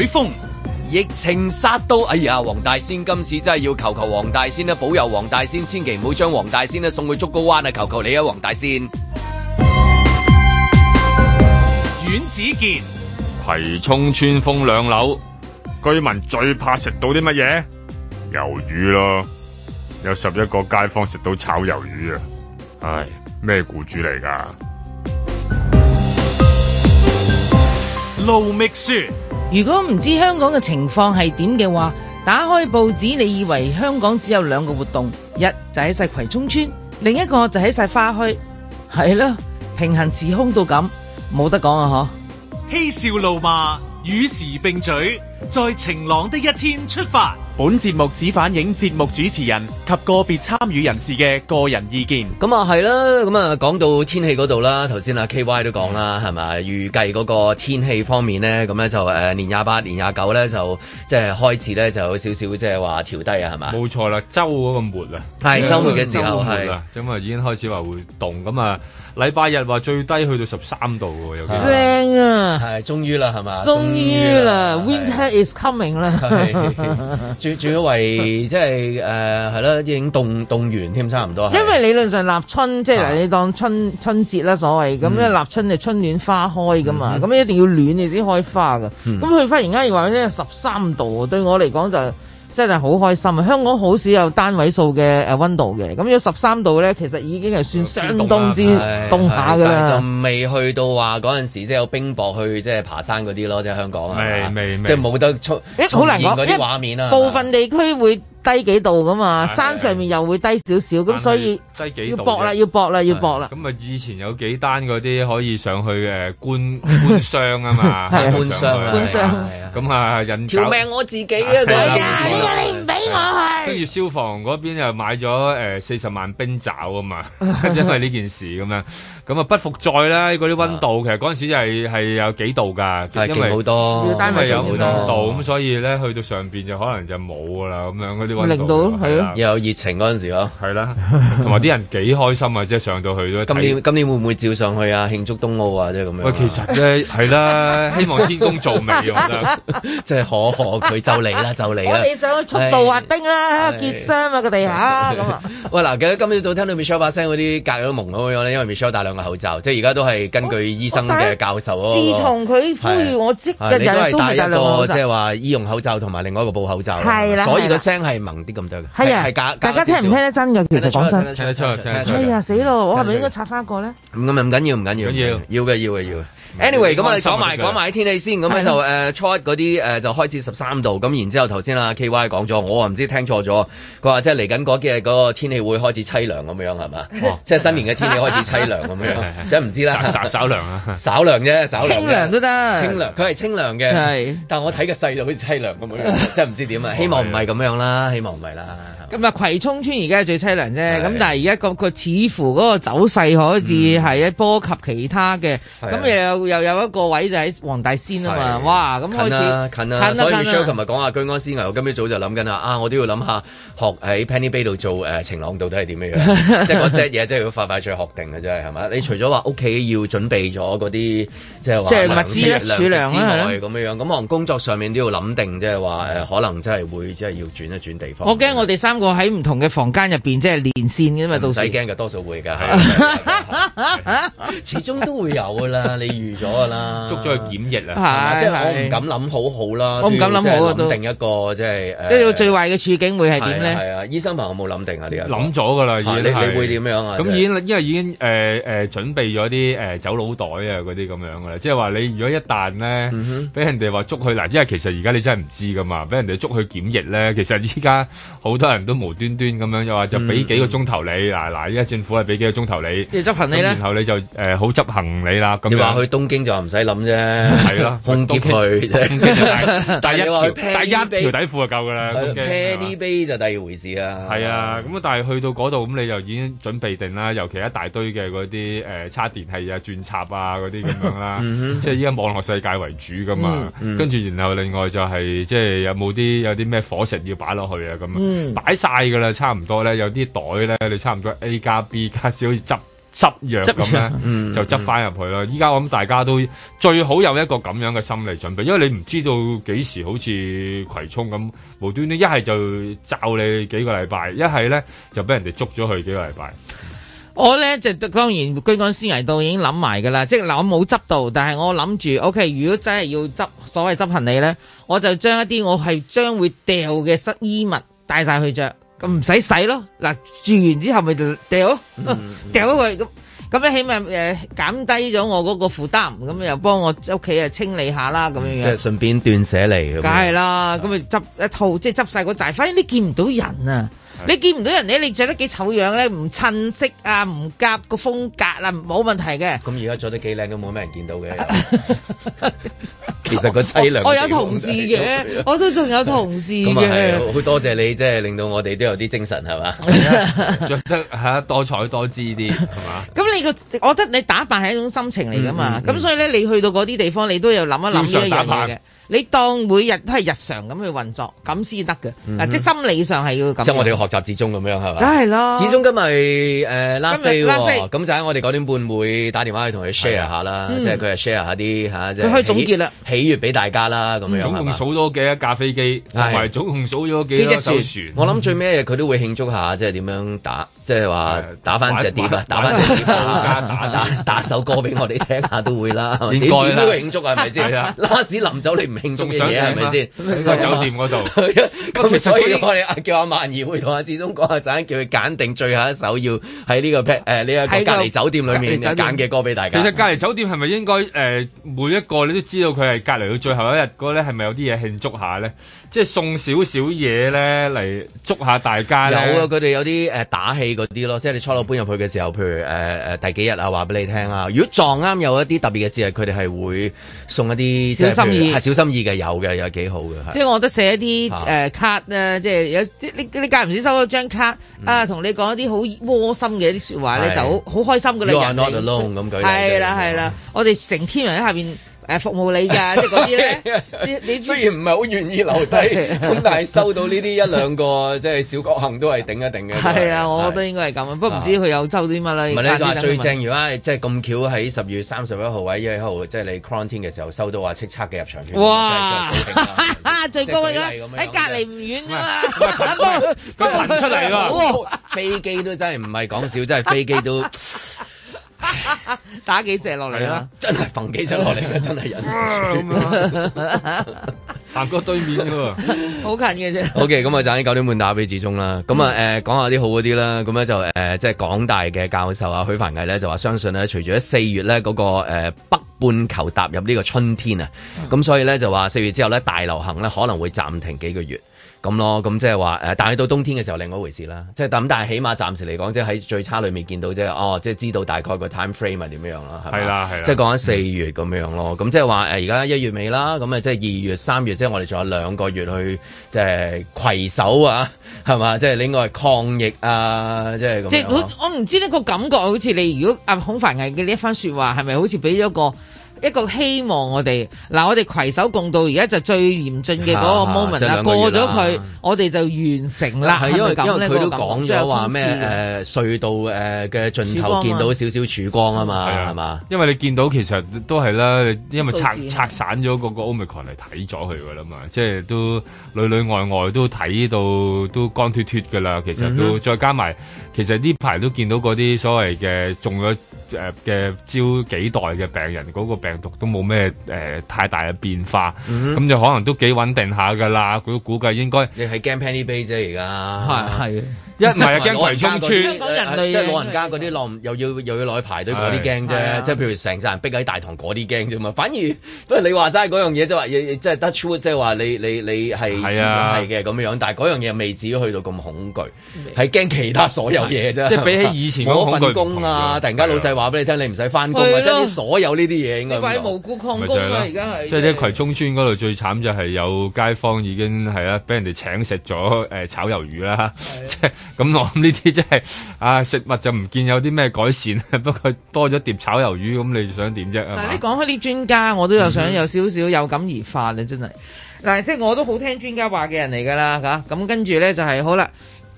海風疫情殺到，哎呀！黃大仙今次真係要求求黃大仙咧保佑黃大仙，千祈唔好將黃大仙咧送去竹篙灣啊！求求你啊，黃大仙。阮子健，葵涌村風兩樓居民最怕食到啲乜嘢？魷魚咯，有十一個街坊食到炒魷魚啊！唉，咩僱主嚟噶？盧覓雪。如果唔知香港嘅情況係點嘅話，打開報紙，你以為香港只有兩個活動，一就喺晒葵涌村，另一個就喺晒花墟，係咯，平行時空到咁，冇得講啊！嗬，嬉笑怒罵與時並舉，在晴朗的一天出發。本節目只反映節目主持人及個別參與人士嘅個人意見。咁啊係啦，咁啊講到天氣嗰度啦，頭先阿 K Y 都講啦，係咪？預計嗰個天氣方面咧，咁咧就誒，年廿八、年廿九咧就即係開始咧就有少少即係話調低啊，係嘛？冇錯啦，周嗰個末啦，係周末嘅時候係，咁啊是已經開始話會凍咁啊。禮拜日話最低去到十三度喎，又正啊！係終於啦，係嘛？終於啦，Winter is coming 啦！仲仲要為即係誒，係、就、啦、是呃、已經凍凍完添，差唔多。因為理論上立春、啊、即係你當春春節啦，所謂咁咧，嗯、立春就春暖花開噶嘛，咁、嗯、一定要暖你先開花噶。咁佢、嗯、忽然間又話咩十三度，對我嚟講就是。真係好開心啊！香港好少有單位數嘅誒溫度嘅，咁有十三度咧，其實已經係算相當之凍下㗎啦。但係就未去到話嗰陣時即係有冰雹去即係、即係、爬山嗰啲咯，即係香港係咪？即係冇得出出、欸、現嗰啲畫面啊、欸。部分地區會低幾度咁嘛，山上面又會低少少，咁所以低幾度要搏啦，要搏啦，要搏啦。咁啊，以前有幾單嗰啲可以上去誒官官商啊嘛，官商，官商。咁啊，引條命我自己啊！點解你唔俾？跟住消防嗰邊又買咗誒四十萬冰爪啊嘛，因為呢件事咁樣，咁啊不復再啦，嗰啲温度其實嗰陣時係係有幾度噶，因為有好多度，咁所以咧去到上邊就可能就冇噶啦，咁樣嗰啲温度。零度又有熱情嗰陣時咯，係啦，同埋啲人幾開心啊，即係上到去都。今年今年會唔會照上去啊？慶祝冬奧啊？即係咁樣。喂，其實咧係啦，希望天公造美，我覺得即係可賀佢就嚟啦，就嚟啦。你想去出道啊？冰啦，結霜啊個地下咁啊！喂，嗱，記得今朝早聽到 Michelle 把聲嗰啲隔到蒙咗咁樣，因為 Michelle 戴兩個口罩，即係而家都係根據醫生嘅教授嗰個。自從佢呼籲我即刻都係戴一個，即係話醫用口罩同埋另外一個布口罩。係啦，所以個聲係萌啲咁多嘅。係啊，係。大家聽唔聽得真嘅？其實講真，聽得出，聽得出。哎呀，死咯！我係咪應該拆翻個咧？唔咁咪唔緊要，唔緊要，緊要要嘅，要嘅，要。Anyway，咁我哋講埋講埋啲天氣先，咁咧就誒的、呃、初一嗰啲誒就開始十三度，咁然之後頭先阿，KY 講咗，我啊唔知聽錯咗，佢話即係嚟緊嗰幾日嗰個天氣會開始淒涼咁樣，係嘛？哦哦、即係新年嘅天氣開始淒涼咁樣，即係唔知啦。稍稍涼啊，稍涼啫，稍涼。少量少量清涼都得。清涼，佢係清涼嘅。係的，但我睇個勢度好似淒涼咁樣， 即係唔知點啊！希望唔係咁樣啦，希望唔係啦。咁啊葵涌村而家係最淒涼啫，咁但係而家個個似乎嗰個走勢可以係一波及其他嘅，咁又又有一個位就喺黃大仙啊嘛，哇咁近啦近啦，所以 Sheryl 琴日講下居安思危，我今日早就諗緊啊，啊我都要諗下學喺 Penny Bay 度做誒晴朗到底係點樣樣，即係嗰 set 嘢即係要快快出去學定嘅啫，係嘛？你除咗話屋企要準備咗嗰啲即係話即係物資儲量之外，咁樣樣，咁可能工作上面都要諗定，即係話誒可能真係會，即係要轉一轉地方。我驚我哋三。我喺唔同嘅房間入邊即係連線嘅嘛，到時驚嘅，多數會嘅吓 始終都會有噶啦，你預咗噶啦，捉咗去檢疫啊！即係我唔敢諗好好啦，我唔敢諗好啊都。諗定一個即係誒，最壞嘅處境會係點咧？係啊！醫生朋友冇諗定啊？呢個諗咗噶啦，你你會點樣啊？咁已經因為已經誒誒準備咗啲誒走腦袋啊嗰啲咁樣噶啦，即係話你如果一旦咧，俾人哋話捉去嗱，因為其實而家你真係唔知噶嘛，俾人哋捉去檢疫咧，其實而家好多人都無端端咁樣又話就俾幾個鐘頭你嗱嗱，而家政府係俾幾個鐘頭你。然後你就誒好執行李啦，咁你話去東京就唔使諗啫，係咯，空劫去啫。第一第一條底褲就夠噶啦，係 Penny Bay 就第二回事啦。係啊，咁但係去到嗰度咁，你就已經準備定啦。尤其一大堆嘅嗰啲誒叉電器啊、轉插啊嗰啲咁樣啦，即係依家網絡世界為主噶嘛。跟住然後另外就係即係有冇啲有啲咩火石要擺落去啊咁啊，擺晒㗎啦，差唔多咧。有啲袋咧，你差唔多 A 加 B 加少好似執。執藥咁咧，執藥嗯嗯、就執翻入去啦。依家我諗大家都最好有一個咁樣嘅心理準備，因為你唔知道幾時好似葵涌咁，無端端一係就罩你幾個禮拜，一係咧就俾人哋捉咗去幾個禮拜。我咧就當然居安思危到已經諗埋噶啦，即係嗱我冇執到，但係我諗住 OK，如果真係要執所謂執行李咧，我就將一啲我係將會掉嘅濕衣物帶晒去着。咁唔使洗咯，嗱住完之後咪掉咯，嗯嗯、掉咗佢咁，咁咧起碼誒減低咗我嗰個負擔，咁又幫我屋企啊清理下啦，咁樣、嗯、樣。即係順便斷捨離。梗係啦，咁咪執一套，即係執晒個陣，反正你見唔到人啊。你見唔到人咧？你着得幾醜樣咧？唔襯色啊？唔夾個風格啊？冇問題嘅。咁而家着得幾靚都冇咩人見到嘅。 其實個淒涼。我有同事嘅，都我都仲有同事嘅。好多 謝你，即係令到我哋都有啲精神係嘛？着 得係多彩多姿啲係嘛？咁 你個，我覺得你打扮係一種心情嚟㗎嘛。咁、嗯嗯嗯、所以咧，你去到嗰啲地方，你都有諗一諗呢一樣嘢嘅。你當每日都係日常咁去運作，咁先得嘅。嗱，即係心理上係要咁。即係我哋要學習之中咁樣係咪？梗係啦。始終今日誒 last day 喎，咁就喺我哋九點半會打電話去同佢 share 下啦。即係佢係 share 下啲嚇，即係。佢可以總結啦，喜悅俾大家啦咁樣。總共數咗幾架飛機，同埋總共數咗幾多艘船。我諗最尾佢都會慶祝下，即係點樣打？即係話打翻隻碟啊，打翻隻碟，打打首歌俾我哋聽下都會啦，應該啦，慶祝係咪先？Last 臨走你唔慶祝嘅嘢係咪先？喺個酒店嗰度。所以我哋叫阿萬兒會同阿志忠講下陣，叫佢揀定最後一首要喺呢個 p 呢個隔離酒店裏面嘅揀嘅歌俾大家。其實隔離酒店係咪應該誒每一個你都知道佢係隔離到最後一日嗰咧係咪有啲嘢慶祝下咧？即係送少少嘢咧嚟祝下大家咧。有啊，佢哋有啲誒打氣。啲咯，即係你初六搬入去嘅時候，譬如誒誒、呃、第幾日啊，話俾你聽啊。如果撞啱有一啲特別嘅節日，佢哋係會送一啲小心意，係小心意嘅，有嘅，有幾好嘅。即係我覺得寫一啲誒、啊呃、卡咧，即係有你你間唔時收咗張卡、嗯、啊，同你講一啲好窩心嘅一啲説話咧，的你就好好開心㗎你。You are not alone 咁講係啦，係啦，我哋成天人喺下邊。誒服務你㗎，即係嗰啲咧。你你雖然唔係好願意留低，咁但係收到呢啲一兩個，即係小確幸都係頂一頂嘅。係啊，我覺得應該係咁啊。不過唔知佢有抽啲乜咧？唔係你話最正？如果即係咁巧喺十月三十一號或者一號，即係你 quarantine 嘅時候收到話叱咤嘅入場券。哇！啊，最高嘅喎，喺隔離唔遠㗎嘛。啊哥，佢運出嚟喎，飛機都真係唔係講笑，真係飛機都。 打幾隻落嚟啦，啊、真係放幾隻落嚟啦， 真係忍唔住。啊、 行過對面喎，好 近嘅啫。OK，咁啊，就喺九點半打俾子中啦。咁啊、嗯，誒，講下啲好嗰啲啦。咁咧就誒，即係港大嘅教授啊，許凡毅咧就話相信咧，隨住喺四月咧嗰個誒北半球踏入呢個春天啊，咁、嗯、所以咧就話四月之後咧大流行咧可能會暫停幾個月。咁咯，咁即係話誒，但係到冬天嘅時候，另外一回事啦。即係咁，但係起碼暫時嚟講，即係喺最差裏面見到，即係哦，即係知道大概個 time frame 係點樣樣啦。係啦，係啦，即係講緊四月咁樣樣咯。咁即係話誒，而家一月尾啦，咁啊，即係二月、三月，即係我哋仲有兩個月去即係攜手啊，係嘛？即係另外抗疫啊，就是、樣，即係咁。即係我唔知呢個感覺，好似你如果阿孔凡毅嘅呢一番說話，係咪好似俾咗個？一個希望我哋嗱、啊，我哋攜手共度而家就最嚴峻嘅嗰個 moment 啦。過咗佢，啊、我哋就完成啦。係咪咁佢都講咗話咩？誒隧道誒嘅盡頭、啊、見到少少曙光啊嘛，係嘛、啊？吧因為你見到其實都係啦，因為拆拆散咗嗰個 Omicron 嚟睇咗佢㗎啦嘛，即係都裏裏外外都睇到都乾脱脱㗎啦。其實都、嗯、哼再加埋，其實呢排都見到嗰啲所謂嘅中咗。誒嘅招幾代嘅病人，嗰、那個病毒都冇咩誒太大嘅變化，咁、mm hmm. 就可能都幾穩定下㗎啦。佢估計應該你係驚 Penny Bay 啫，而家，係係、啊。一唔係驚葵涌村，即係老人家嗰啲浪又要又要攞去排隊嗰啲驚啫，即係譬如成世人逼喺大堂嗰啲驚啫嘛。反而不過你話齋嗰樣嘢，即係話亦即係得 true 即係話你你你係係嘅咁樣。但係嗰樣嘢未至於去到咁恐懼，係驚其他所有嘢啫。即係比起以前嗰份工啊，突然間老細話俾你聽，你唔使翻工啊，即係所有呢啲嘢應該。冇辜抗工啦，而家係。即係啲葵涌村嗰度最慘就係有街坊已經係啊，俾人哋請食咗誒炒魷魚啦，即係。咁我諗呢啲真係啊，食物就唔見有啲咩改善，不過多咗碟炒魷魚，咁你想點啫？嗱，你講開啲專家， 我都有想有少少有感而發啊！真係，嗱、就是，即係我都好聽專家話嘅人嚟噶啦，吓，咁跟住咧就係好啦。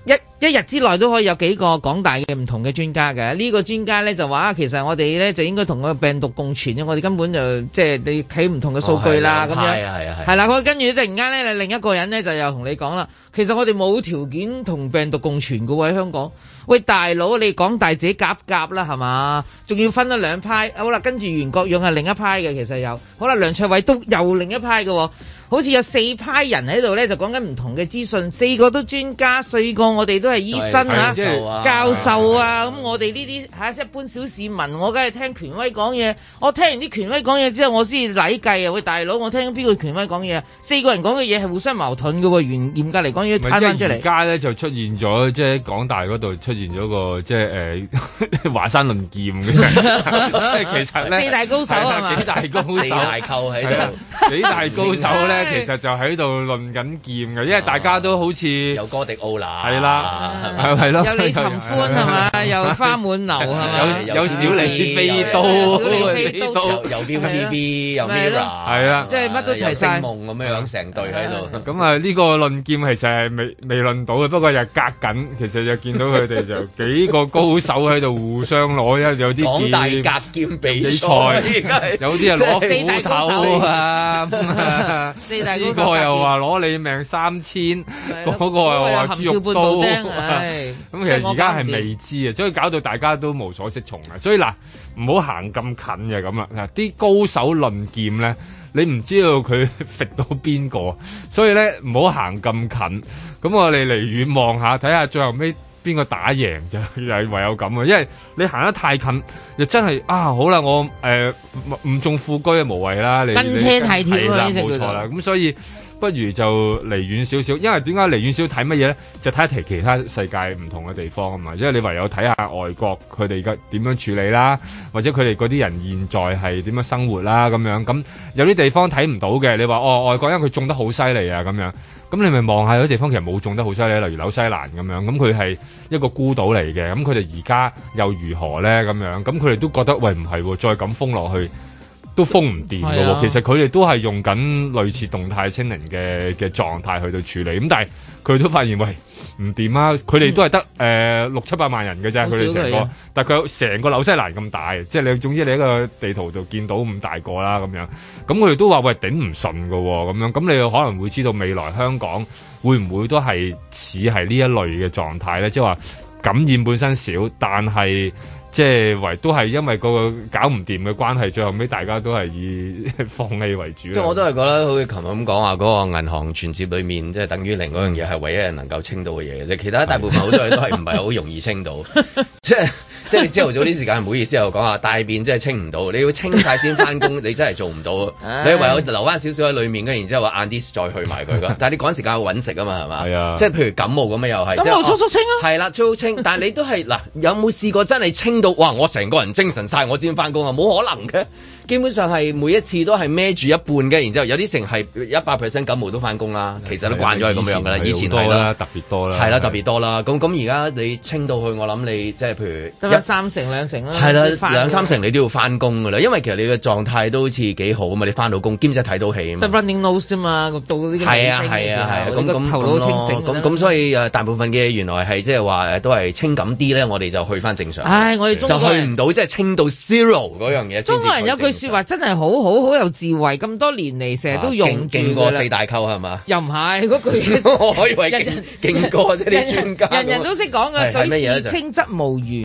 一一日之內都可以有幾個港大嘅唔同嘅專家嘅，這個、專家呢個專家咧就話，其實我哋咧就應該同個病毒共存嘅，我哋根本就即係你睇唔同嘅數據啦咁、哦、派樣。係啦係係。跟住突然間咧，另一個人咧就又同你講啦，其實我哋冇條件同病毒共存嘅喎喺香港。喂，大佬，你港大自己夾夾啦係嘛？仲要分咗兩派。好啦，跟住袁國勇係另一派嘅，其實有。好啦，梁卓偉都又另一派嘅喎、哦。好似有四批人喺度咧，就講緊唔同嘅資訊，四個都專家，四個我哋都係醫生啊、就是、教授啊，咁、啊、我哋呢啲吓一般小市民，我梗係聽權威講嘢。我聽完啲權威講嘢之後我先嚟計啊！喂，大佬，我聽邊個權威講嘢啊？四個人講嘅嘢係互相矛盾嘅喎，原、嚴格嚟講要睇翻出嚟。而家咧就出現咗，即係港大嗰度出現咗個即係誒華山論劍嘅，即係、欸、 其實咧四大高手啊吧幾大高手， 四大寇喺度，啊、幾大高手咧？ 其實就喺度論緊劍嘅，因為大家都好似有歌迪奧娜，係啦，係咪咯？有李尋歡係嘛，有花滿樓係嘛，有有小李飛刀，小李飛刀，有有 TVB，有 V R，係啊，即係乜都齊晒，夢咁樣樣成隊喺度。咁啊，呢個論劍其實係未未論到嘅，不過又隔緊，其實又見到佢哋就幾個高手喺度互相攞有有啲劍，廣大格劍比賽，有啲人攞斧頭啊。呢個又話攞你命三千，嗰了個又話含笑半步釘、 哎、其實而家係未知啊，所以搞到大家都無所適從啊！所以嗱，唔好行咁近嘅咁啦，嗱，啲高手論劍咧，你唔知道佢揈到邊個，所以咧，唔好行咁近。咁我哋離遠望下，睇下最後尾。邊個打贏就係 唯有咁啊！因為你行得太近，又真係啊！好啦，我誒唔、呃、中富居啊，無謂啦，你跟車太貼啦，冇錯啦，咁所以。不如就離遠少少，因為點解離遠少睇乜嘢呢？就睇一睇其他世界唔同嘅地方啊嘛，因為你唯有睇下外國佢哋而家點樣處理啦，或者佢哋嗰啲人現在係點樣生活啦咁樣。咁有啲地方睇唔到嘅，你話哦外國因為佢種得好犀利啊咁樣，咁你咪望下有啲地方其實冇種得好犀利，例如紐西蘭咁樣，咁佢係一個孤島嚟嘅，咁佢哋而家又如何呢？咁樣，咁佢哋都覺得喂唔係，再咁封落去。都封唔掂㗎喎，啊、其實佢哋都係用緊類似動態清零嘅嘅狀態去到處理，咁但係佢都發現喂唔掂啊！佢哋都係得誒六七百萬人嘅啫，佢哋成個，啊、但佢有成個紐西蘭咁大，即係你總之你喺個地圖度見到咁大個啦咁樣，咁佢哋都話喂頂唔順㗎喎，咁樣，咁你可能會知道未來香港會唔會都係似係呢一類嘅狀態咧？即係話感染本身少，但係。即係為都係因為個搞唔掂嘅關係，最後尾大家都係以放棄為主。即係我都係覺得好似琴日咁講話，嗰個銀行存摺裏面即係、就是、等於零嗰樣嘢係唯一人能夠清到嘅嘢啫，其他大部分是的 好多嘢都係唔係好容易清到， 即係。 即係朝頭早啲時間唔好意思又講啊，大便真係清唔到，你要清晒先翻工， 你真係做唔到。 你唯有留翻少少喺裏面，跟住然之後話晏啲再去埋佢嘅。但係你趕時間去揾食啊嘛，係嘛？係啊。即係譬如感冒咁樣又係。感冒粗粗清啊。係、哦、啦，粗粗清， 但係你都係嗱，有冇試過真係清到哇？我成個人精神晒，我先翻工啊，冇可能嘅。基本上係每一次都係孭住一半嘅，然之後有啲成係一百 percent 感冒都返工啦。其實都慣咗係咁樣嘅啦，以前係啦，特別多啦，係啦，特別多啦。咁咁而家你清到去，我諗你即係譬如一三成兩成啦，係啦，兩三成你都要返工㗎啦。因為其實你嘅狀態都好似幾好啊嘛，你返到工兼且睇到戲，得 running nose 啫嘛，到啲嘢，係啊係啊係啊，咁咁咁咯。咁咁所以大部分嘅原來係即係話都係清咁啲咧，我哋就去返正常。唉，我哋就去唔到即係清到 zero 嗰樣嘢。中國人說話真係好好好有智慧，咁多年嚟成日都用住啦。勁過四大溝係嘛？又唔係嗰句，我以為勁勁過啲人人都識講嘅水質清則無魚，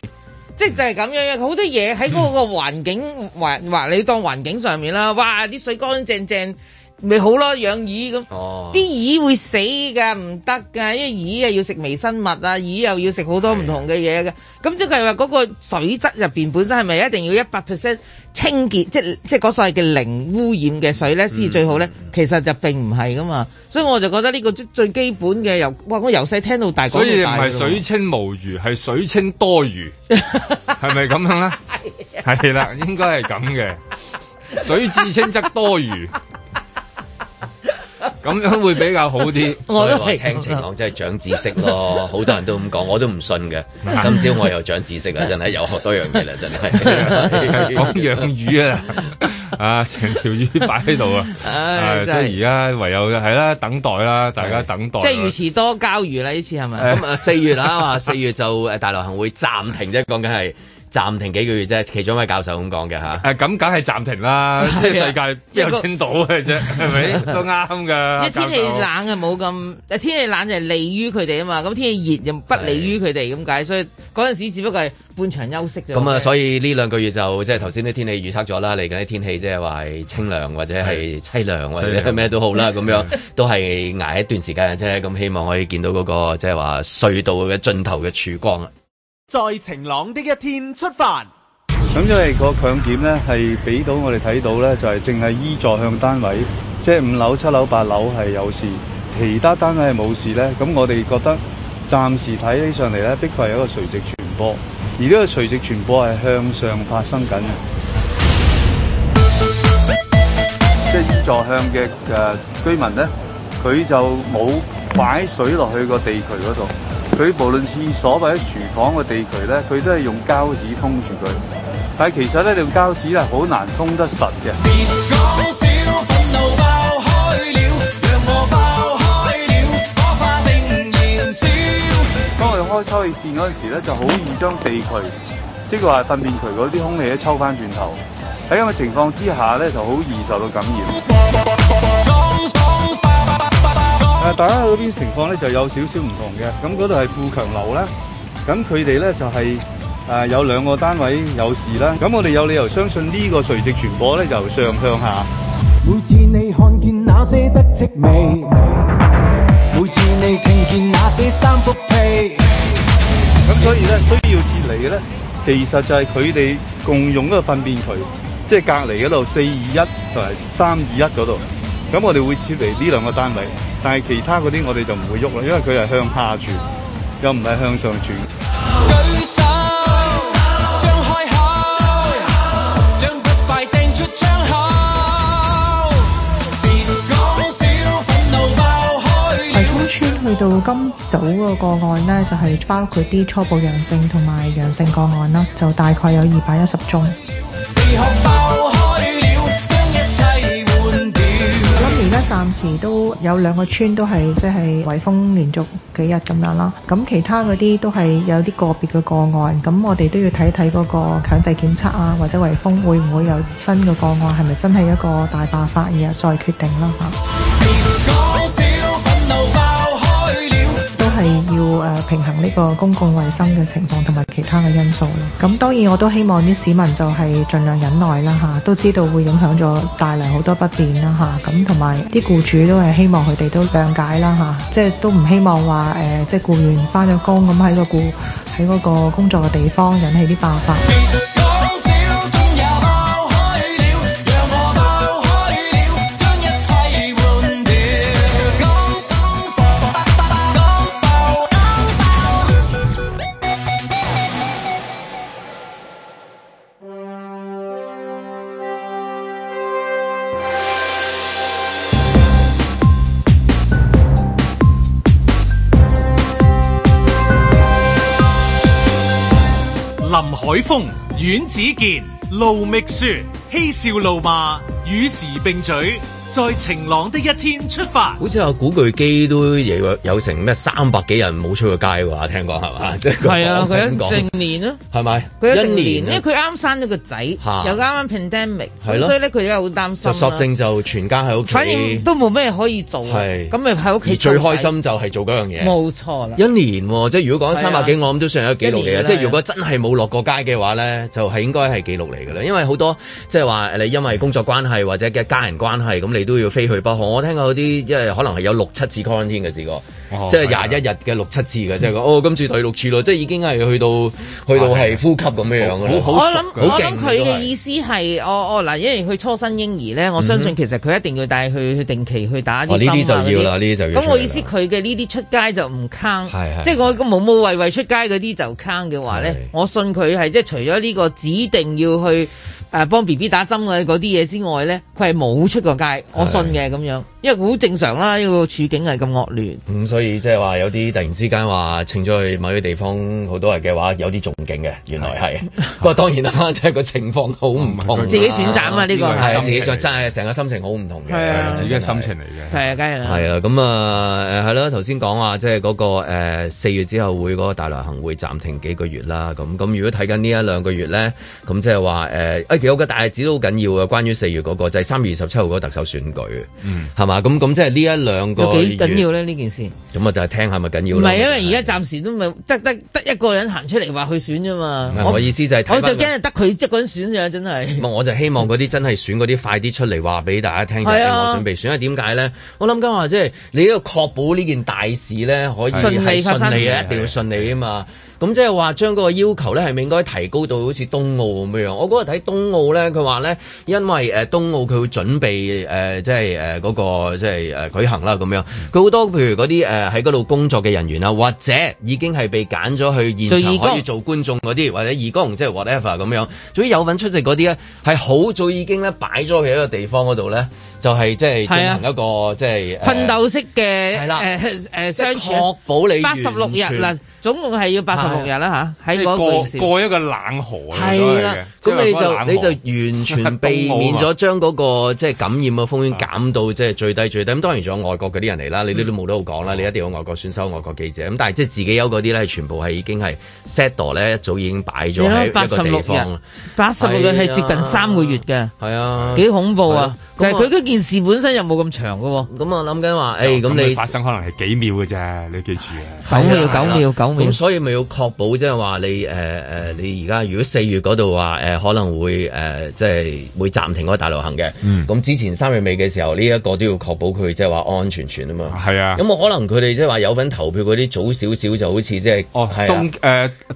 即係就係咁樣嘅。好多嘢喺嗰個環境環話你當環境上面啦。哇！啲水乾乾淨淨，咪好咯，養魚咁。啲魚會死㗎，唔得㗎。因為魚啊要食微生物啊，魚又要食好多唔同嘅嘢㗎。咁即係話嗰個水質入邊本身係咪一定要一百 percent？清潔即即嗰所謂嘅零污染嘅水咧先至最好咧，嗯、其實就並唔係噶嘛，所以我就覺得呢個最基本嘅由哇，我由細聽到大個。所以唔係水清無魚，係水清多魚，係咪咁樣咧？係啦， 應該係咁嘅，水至清則多魚。咁樣會比較好啲， 是所以我聽情況真係長知識咯。好 多人都咁講，我都唔信嘅。 今朝我又長知識啦，真係又學多樣嘢啦，真係講養魚啊！條擺哎、啊，成條魚擺喺度啊！真係而家唯有係啦，等待啦，大家等待。即係魚池多交魚啦，呢次係咪？咁啊、哎，四月啦嘛 四月就大流行會暫停啫，講緊係。暫停幾個月啫，其中一位教授咁講嘅吓，咁梗係暫停啦，啊、世界邊有清到嘅啫，係咪果 都啱嘅授？天氣冷天氣啊，冇咁天氣冷就係利於佢哋啊嘛，咁天氣熱又不利於佢哋，咁解，所以嗰陣時只不過係半場休息啫。咁啊，所以呢兩個月就即係頭先啲天氣預測咗啦，嚟緊啲天氣即係話清涼或者係淒涼或者咩都好啦，咁、啊、樣、啊、都係挨一段時間嘅啫，咁希望可以見到嗰、那個即係話隧道嘅盡頭嘅曙光啊！在晴朗的一天出發。咁因為個強檢咧，係俾到我哋睇到咧，就係淨係依座向單位，即係五樓、七樓、八樓係有事，其他單位係冇事咧。咁我哋覺得暫時睇起上嚟咧，的確係一個垂直傳播，而呢個垂直傳播係向上發生緊嘅，即係依座向嘅誒、呃、居民咧，佢就冇擺水落去個地渠嗰度。佢無論是廁所或者廚房嘅地渠呢，佢都係用膠紙封住佢。但係其實咧，用膠紙咧好難封得實嘅。當佢開抽氣扇嗰陣時呢，就好易將地渠，即係話糞便渠嗰啲空氣一抽返轉頭，喺咁嘅情況之下呢，就好易受到感染。誒、呃，大家嗰邊情況咧就有少少唔同嘅。咁嗰度係富強樓啦，咁佢哋咧就係、是、誒、呃、有兩個單位有事啦，咁我哋有理由相信呢個垂直傳播咧由上向下。每次你看見那些得戚味，每次你聽見那些三幅屁。咁所以咧時需要撤離嘅咧，其實就係佢哋共用一個糞便渠，即、就、係、是、隔籬嗰度四二一就係三二一嗰度，咁我哋會撤離呢兩個單位。但係其他嗰啲，我哋就唔會喐啦，因為佢係向下傳，又唔係向上傳。葵涌邨去到今早個個案呢，就係包括啲初步陽性同埋陽性個案啦，就大概有二百一十宗。暫時都有兩個村都係即係圍封連續幾日咁樣啦，咁其他嗰啲都係有啲個別嘅個案，咁我哋都要睇睇嗰個強制檢測啊，或者圍封會唔會有新嘅個案，係咪真係一個大爆發而再決定啦吓。誒，平衡呢個公共衛生嘅情況同埋其他嘅因素咯。咁當然，我都希望啲市民就係盡量忍耐啦，吓都知道會影響咗，帶嚟好多不便啦，吓咁同埋啲僱主都係希望佢哋都諒解啦，吓即係都唔希望話誒，即、呃、係、就是、僱員返咗工咁喺個僱喺嗰個工作嘅地方引起啲爆發。海峰，阮子健，盧覓雪，嬉笑怒罵，與時並舉。在晴朗的一天出發，好似話古巨基都有有成咩三百幾人冇出過街喎，聽講係嘛？即係啊，佢成年咯，係咪？佢一成年，因為佢啱生咗個仔，又啱啱 pandemic，所以咧佢而家好擔心。索性就全家喺屋企，反而都冇咩可以做，係咁咪喺屋企。而最開心就係做嗰樣嘢，冇錯啦。一年喎，即係如果講三百幾，我諗都算係一個紀錄嚟嘅。即係如果真係冇落過街嘅話咧，就係應該係紀錄嚟㗎啦。因為好多即係話你因為工作關係或者嘅家人關係咁。你都要飛去北韓，我聽過啲，因為可能係有六七次 quarantine 嘅事過，即係廿一日嘅六七次嘅，即係講哦，今次第六次咯，即係已經係去到去到係呼吸咁樣樣，我諗我諗佢嘅意思係，哦，哦，嗱，因為佢初生嬰兒咧，我相信其實佢一定要帶去去定期去打啲就要啊呢啲。就要。咁我意思佢嘅呢啲出街就唔坑，即係我冇冇毛畏出街嗰啲就坑嘅話咧，我信佢係即係除咗呢個指定要去。.誒幫 BB 打針啊嗰啲嘢之外咧，佢係冇出過街，的我信嘅咁樣。因為好正常啦，呢、這個處境係咁惡劣。咁、嗯、所以即係話有啲突然之間話乘咗去某啲地方，好多人嘅話有啲仲勁嘅，原來係。不過當然啦，即係、啊這個情況好唔同。自己選擇啊嘛，呢個係自己，真係成個心情好唔同嘅。啊、自己嘅心情嚟嘅。係啊，梗係啦。係啊，咁啊，誒、呃，係咯，頭先講話即係嗰個誒四、呃、月之後會嗰、那個大流行會暫停幾個月啦。咁咁如果睇緊呢一兩個月咧，咁即係話誒，誒、呃，其、哎、實有個大日子都好緊要嘅，關於四月嗰、那個就係、是、三月二十七號嗰特首選舉。嗯咁咁即係呢一兩個都幾緊要咧呢件事。咁啊就係聽，係咪緊要？唔係因為而家暫時都咪得得得一個人行出嚟話去選啫嘛。我意思就係我就驚係得佢即管嗰陣選真係。我就希望嗰啲真係選嗰啲快啲出嚟話俾大家聽就係我準備選，因為點解咧？我諗緊話即係你呢個確保呢件大事咧可以順利，一定要順利啊嘛。咁即係話將嗰個要求咧係咪應該提高到好似冬奧咁樣？我嗰日睇冬奧咧，佢話咧，因為誒冬奧佢會準備誒、呃、即係誒嗰個即係誒、呃呃呃、舉行啦咁樣。佢好多譬如嗰啲誒喺嗰度工作嘅人員啦，或者已經係被揀咗去現場可以做觀眾嗰啲，義或者義工，即係 whatever 咁樣。至於有份出席嗰啲咧，係好早已經咧擺咗喺一個地方嗰度咧，就係即係進行一個、啊、即係奮鬥式嘅誒誒相處，了呃呃、確保你八十六日啦。總共係要八十六日啦，吓，喺嗰個過一個冷河，係啦，咁你就你就完全避免咗將嗰個即係感染嘅風險減到即係最低最低。咁當然咗外國嗰啲人嚟啦，你呢都冇得好講啦，你一定要外國選手、外國記者。咁但係即係自己有嗰啲咧，全部係已經係 set up 咧，一早已經擺咗喺呢個地方。八十六日，八十六日係接近三個月嘅，係啊，幾恐怖啊！但係佢嗰件事本身又冇咁長噶，咁啊諗緊話，誒，咁你發生可能係幾秒嘅啫，你記住啊，九秒九秒九。咁所以咪要確保即係話你誒你而家如果四月嗰度話誒可能會誒，即係會暫停嗰個大流行嘅。咁之前三月尾嘅時候，呢一個都要確保佢即係話安安全全啊嘛。係啊，咁可能佢哋即係話有份投票嗰啲早少少就好似即係哦，冬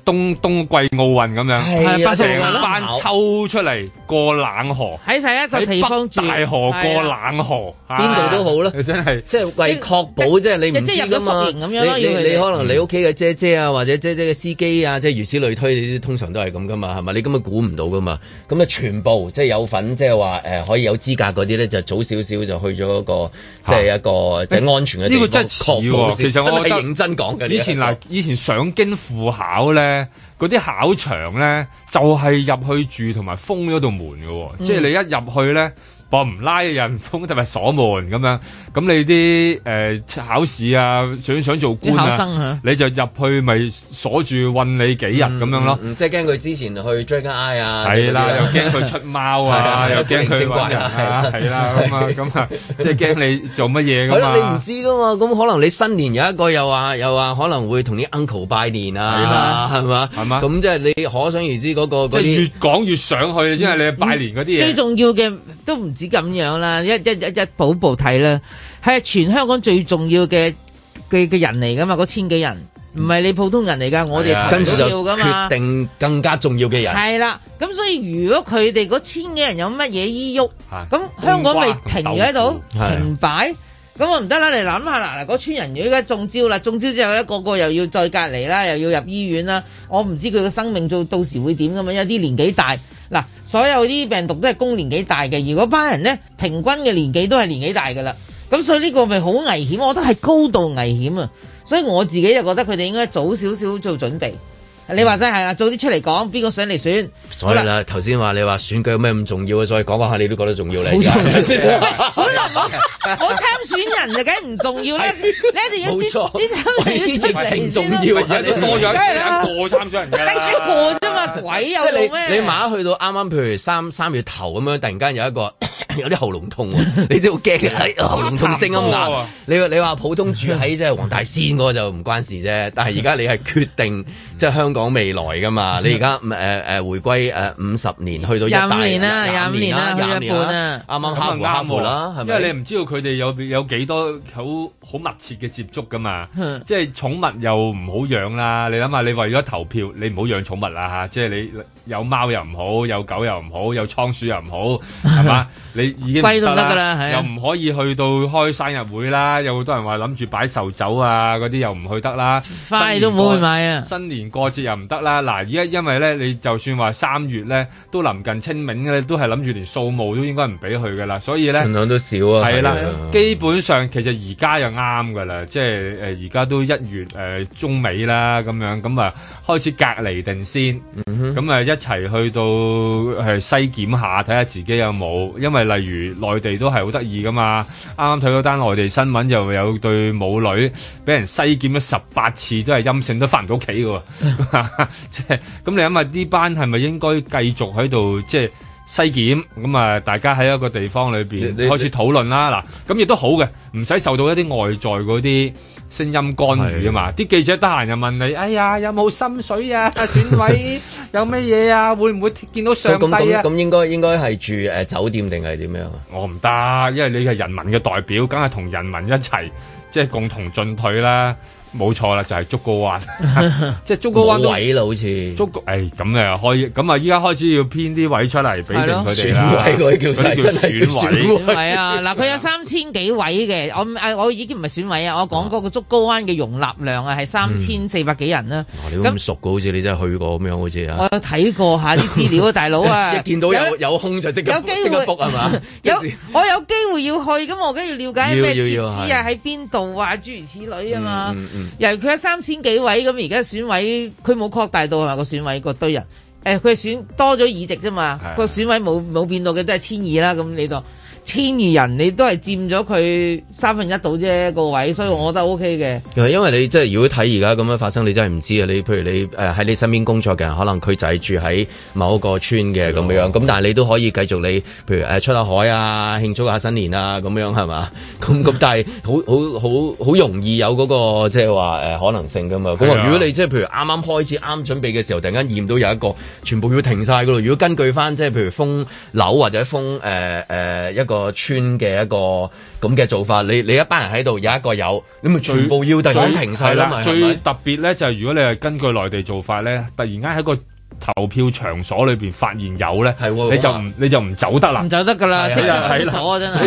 冬冬季奧運咁樣，係啊，成班抽出嚟過冷河，喺成一個地方住，大河過冷河，邊度都好啦，真係即係為確保即係你唔咁啊嘛。樣，你可能你屋企嘅姐。即啊，或者即即個司機啊，即係如此類推，呢啲通常都係咁噶嘛，係咪？你根本估唔到噶嘛？咁啊，全部即係有份，即係話誒，可以有資格嗰啲咧，就早少少就去咗嗰個、啊、個，即係一個即係安全嘅地方，確、欸這個、保先。其實我係認真講嘅。以前嗱，這個、以前上京赴考咧，嗰啲考場咧就係、是、入去住，同埋封咗度門嘅、哦，嗯、即係你一入去咧。我唔拉人，封得埋鎖門咁樣，咁你啲誒考試啊，想想做官啊，考生，你就入去咪鎖住韞你幾日咁樣咯？嗯，即係驚佢之前去 J&I 啊，係啦，又驚佢出貓啊，又驚佢揾人啊，係啦，咁啊，咁啊，即係驚你做乜嘢㗎嘛？咁你唔知㗎嘛？咁可能你新年有一個又話又話可能會同啲 uncle 拜年啊，係嘛，係嘛？咁即係你可想而知嗰個嗰啲，即係越講越上去，即係你拜年嗰啲嘢。最重要嘅。都唔止咁樣啦，一一一一步步睇啦，係全香港最重要嘅嘅嘅人嚟㗎嘛，嗰千幾人唔係你普通人嚟㗎，嗯、我哋更重要㗎嘛，決定更加重要嘅人。係啦，咁所以如果佢哋嗰千幾人有乜嘢醫喐，咁的香港咪停咗喺度停擺。的咁我唔得啦，你諗下嗱嗱，嗰村人而家中招啦，中招之後咧，個一個又要再隔離啦，又要入醫院啦，我唔知佢個生命做到時會點咁樣，有啲年紀大，嗱，所有啲病毒都係攻年紀大嘅，如果班人咧，平均嘅年紀都係年紀大噶啦，咁所以呢個咪好危險，我覺得係高度危險啊，所以我自己就覺得佢哋應該早少少做準備。你話真係啦，早啲出嚟講，邊個想嚟選？所以啦，頭先話你話選舉有咩咁重要啊？所以講講下，你都覺得重要咧？冇錯，我我參選人就梗唔重要咧，你一定要知知，重要人出嚟先啦。過咗一兩過參選人啦，第一過啫嘛，鬼有咩？即係你你馬去到啱啱，譬如三三月頭咁樣，突然間有一個有啲喉嚨痛，你知，會驚嘅，喉嚨痛聲音啊！你你話普通住喺即係黃大仙嗰個就唔關事啫，但係而家你係決定即係向。講未來噶嘛？你而家誒誒回歸誒五十年去到廿五年啦，廿五年啦，廿五年啦，啱啱啱，啱，啱啦，係咪？因為你唔知道佢哋有有幾多好好密切嘅接觸噶嘛，嗯、即係寵物又唔好養啦。你諗下，你為咗投票，你唔好養寵物啦吓，即係你。有貓又唔好，有狗又唔好，有倉鼠又唔好，係嘛？ 你已經龜都得㗎啦，啊、又唔可以去到開生日會啦。有好多人話諗住擺壽酒啊，嗰啲又唔去得啦。快花也 都冇去買啊！新年過節又唔得啦。嗱，而家因為咧，你就算話三月咧，都臨近清明嘅，都係諗住連掃墓都應該唔俾去㗎啦。所以咧，量都少啊。係啦、啊，啊、基本上其實而家又啱㗎啦，即係而家都一月、呃、中尾啦咁樣，咁啊開始隔離定先，咁、嗯、哼啊一齊去到西檢下，睇下自己有冇，因為例如內地都係好得意㗎嘛。啱啱睇到單內地新聞，就有對母女俾人西檢咗十八次，都係陰性，都翻唔到屋企㗎喎。即係咁， 你諗下呢班係咪應該繼續喺度即係西檢？咁啊，大家喺一個地方裏面開始討論啦。嗱，咁亦都好嘅，唔使受到一啲外在嗰啲。聲音干預啊嘛！啲記者得閒就問你：哎呀，有冇心水啊？選、啊、委 有咩嘢啊？會唔會見到上帝啊？咁咁咁應該應該係住、呃、酒店定係點樣？我唔得，因為你係人民嘅代表，梗係同人民一齊，即係共同進退啦。冇錯啦，就係竹篙灣，即係竹篙灣位啦，好似竹篙。誒咁誒開，咁啊依家開始要編啲位出嚟俾佢哋啦。選位嗰啲叫真係選位。選位啊！嗱，佢有三千幾位嘅，我我已經唔係選位啊，我講過個竹篙灣嘅容納量啊係三千四百幾人啦。咁熟嘅好似你真係去過咁樣好似啊！我有睇過下啲資料啊，大佬啊！一見到有有空就即刻，有機會係嘛？有我有機會要去咁，我梗係要了解咩設施啊，喺邊度啊，諸如此類啊嘛。由佢有三千幾位咁，而家選委佢冇擴大到係個選委個堆人，誒，佢係選多咗議席啫嘛，個 選委冇冇變到嘅都係千二啦，咁你度。千二人你都係佔咗佢三分一度啫、個位，所以我覺得 O K 嘅。因為你即係如果睇而家咁樣發生，你真係唔知啊！你譬如你誒喺、呃、你身邊工作嘅人，可能佢就係住喺某一個村嘅咁的樣，咁的但係你都可以繼續你譬如誒出下海啊，慶祝下新年啊咁樣係嘛？咁咁 但係好好好好容易有嗰、嗰個即係話誒可能性㗎嘛？咁的如果你即係譬如啱啱開始啱準備嘅時候，突然間驗到有一個全部要停晒㗎咯。如果根據返即係譬如封樓或者封、呃呃、一個個村嘅一個咁嘅做法，你你一班人喺度，有一個有，你咪全部要突然間停晒啦嘛。最，係咪？最特別咧就係如果你係根據內地做法咧，突然間喺個。投票場所裏邊發現有咧，係你就唔你就唔走得啦，唔走得㗎啦，你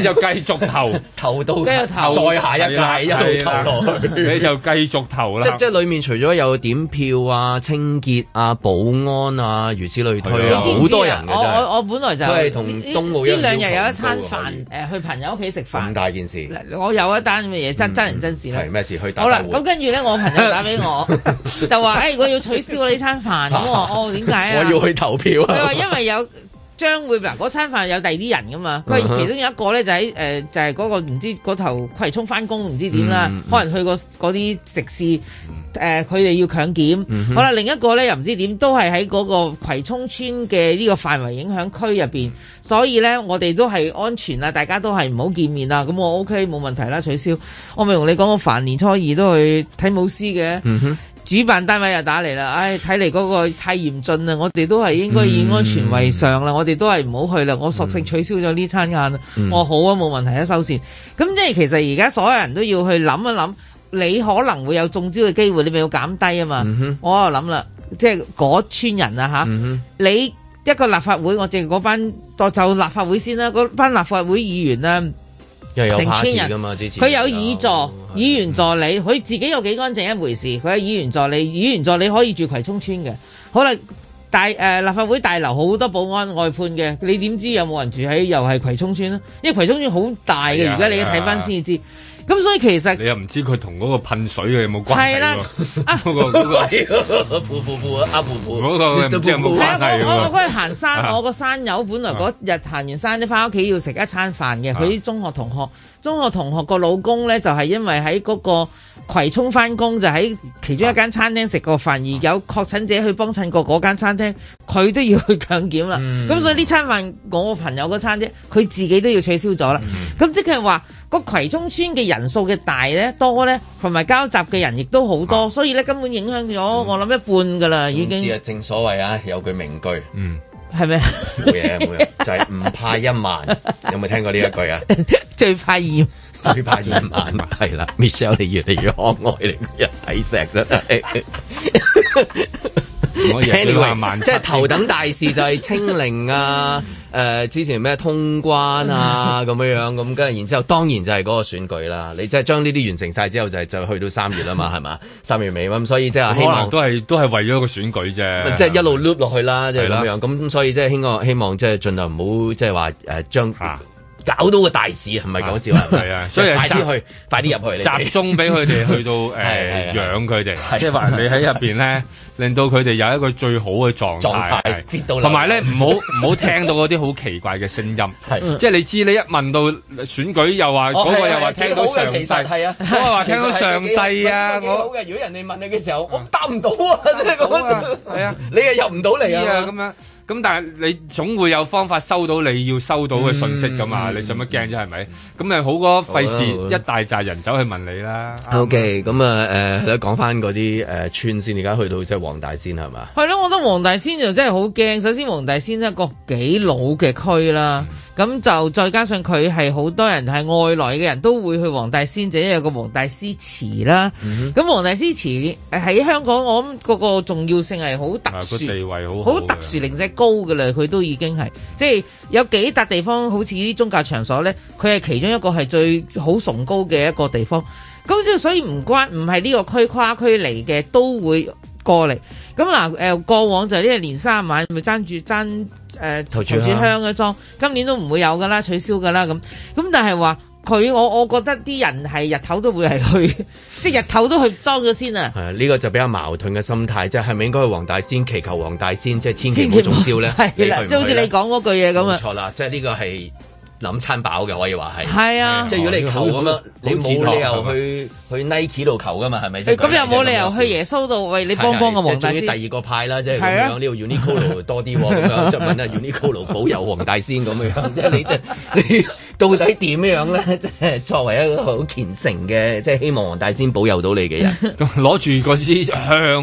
就繼續投投到，再下一屆一路投落去，你就繼續投啦。即即係裡面除咗有點票啊、清潔啊、保安啊，如此類推，好多人。我我本來就係同東澳一組，呢兩日有一餐飯誒，去朋友屋企食飯。咁大件事，我有一單嘅嘢真人真事係咩事？去打。好啦，咁跟住咧，我朋友打俾我，就話誒，如果要取消呢餐飯我要去投票啊！佢話因為有將會嗱嗰餐飯有第二啲人噶嘛，佢 其中有一個咧就喺、是、誒、呃、就係、是、嗰、那個唔知嗰頭葵涌翻工唔知點啦，嗯、可能去過嗰啲食肆誒，佢哋、嗯呃、要強檢。嗯、哼好啦，另一個咧又唔知點，都係喺嗰個葵涌村嘅呢個範圍影響區入邊，所以咧我哋都係安全啦，大家都係唔好見面啦。咁我 OK 冇問題啦，取消。我咪同你講，過凡年初二都去睇舞獅嘅。嗯、哼。主辦單位又打嚟啦，唉，睇嚟嗰個太嚴峻啦，我哋都係應該以安全為上啦，嗯，我哋都係唔好去啦，我索性取消咗呢餐宴啦。嗯、我好啊，冇問題啊，收線。咁即係其實而家所有人都要去諗一諗，你可能會有中招嘅機會，你咪要減低啊嘛。嗯、哼我就諗啦，即係嗰村人啊，嗯、哼你一個立法會，我淨係嗰班，就立法會先啦，嗰班立法會議員啦，啊。又有成村人㗎嘛，之前佢有議座、議那員助理，佢的自己有幾乾淨一回事。佢係議員助理，議員助理可以住葵涌村嘅。好啦，大誒、呃、立法會大樓好多保安外判嘅，你點知有冇人住喺，又係葵涌村呢？因為葵涌村好大嘅。而家的你睇翻先至知。咁所以其實你又唔知佢同嗰個噴水嘅有冇關係啊？嗰、啊嗰個嗰、嗰個布布布阿布布嗰個即係冇我嗰日行山，我個山友本來嗰日行完山咧，翻屋企要食一餐飯嘅。佢啲中學同學，中學同學個老公咧，就係因為喺嗰個。葵涌翻工就喺其中一間餐廳食過飯，而有確診者去幫襯過嗰間餐廳，佢都要去強檢啦。咁、嗯、所以呢餐飯我朋友嗰餐廳，佢自己都要取消咗啦。咁即係話個葵涌村嘅人數嘅大咧多咧，同埋交集嘅人亦都好多，嗯、所以咧根本影響咗、嗯、我諗一半噶啦，已經。正所謂啊，有句名句，嗯，係咪？冇嘢冇嘢，就係、是、唔怕一萬， 有冇聽過呢一句啊？最怕二萬。最怕夜晚，係啦，Michelle 你越嚟越可愛，你睇石得。我即係頭等大事就係清零啊！誒、 呃，之前咩通關啊，咁樣樣咁，跟住然之後，當然就係嗰個選舉啦。你即係將呢啲完成晒之後、就係，就就去到三月啦嘛，係嘛？ 三月尾咁，所以即係希望都係都係為咗個選舉啫。即係一路碌落去啦，即係咁樣。咁的所以即係希望，希望即係盡量唔好即係話誒將。呃將啊搞到個大事，啊，唔係搞笑係唔係啊？所以快啲去，快啲入去，集中俾佢哋去到誒養佢哋。即係話你喺入面咧，令到佢哋有一個最好嘅狀態，同埋咧唔好唔好聽到嗰啲好奇怪嘅聲音，即係你知你一問到選舉又話嗰個又話聽到上帝，係啊，我話聽到上帝啊，如果人哋問你嘅時候，我答唔到啊，真係啊，你又入唔到嚟啊，咁樣咁但係你總會有方法收到你要收到嘅信息噶嘛？你使乜驚啫係咪？咁咪好過費事一大扎人走去問你啦。OK，咁啊誒，講翻嗰啲誒村先，而家去到即係黃大仙係嘛？係咯，我覺得黃大仙就真係好驚。首先黃大仙一個幾老嘅區啦，咁就再加上佢係好多人係外來嘅人都會去黃大仙，即係有個黃大師祠啦。咁黃大師祠喺香港，我諗嗰個重要性係好特殊，好特殊，零高嘅啦，佢都已經係，即係有幾笪地方好似啲宗教場所呢，佢係其中一個係最好崇高嘅一個地方。咁之係所以唔關唔係呢個區跨區嚟嘅都會過嚟。咁嗱誒，過往就呢一年三晚咪爭住爭誒頭炷香嘅裝，啊、今年都唔會有㗎啦，取消㗎啦咁。咁但係話。佢我我覺得啲人係日頭都會係去，即係日頭都去裝咗先啊！係啊，呢個就比較矛盾嘅心態，即係咪應該去黃大仙祈求黃大仙，即係千祈唔好中招咧？係，即係好似你講嗰句嘢咁啊！錯啦，即係呢個係諗餐飽嘅，可以話係。係啊，即係如果你求咁樣，你冇理由去去 Nike 度求噶嘛，係咪先？咁又冇理由去耶穌度喂，你幫幫個黃大仙。即係屬於第二個派啦，即係咁樣呢度 Unicolo 多啲，咁樣就問下 Unicolo 保佑黃大仙咁樣，即係你你。到底點樣咧？即係作為一個好虔誠嘅， 即係希望黃大仙保佑到你嘅人，攞住支香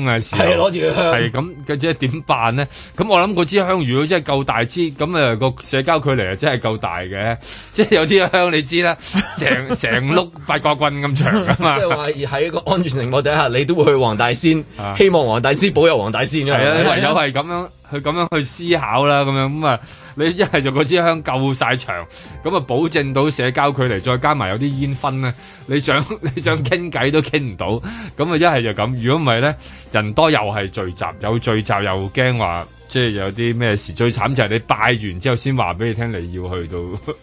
啊！係攞住，香？係咁即係點辦咧？咁我諗嗰支香如果真係夠大支，咁、那、誒個社交距離又真係夠大嘅，即係有啲香你知啦，成成碌八卦棍咁長啊嘛！ 即係話喺一個安全情況底下，你都會去黃大仙，希望黃大，大仙保佑黃大仙，唯有係咁樣，去咁 樣去思考啦，咁樣咁啊。你一係就嗰支香夠晒長，咁啊保證到社交距離，再加埋有啲煙熏咧，你想你想傾偈都傾唔到，咁啊一係就咁，如果唔係咧，人多又係聚集，有聚集又驚話。即係有啲咩事，最慘就係你拜完之後先話俾你聽，你要去到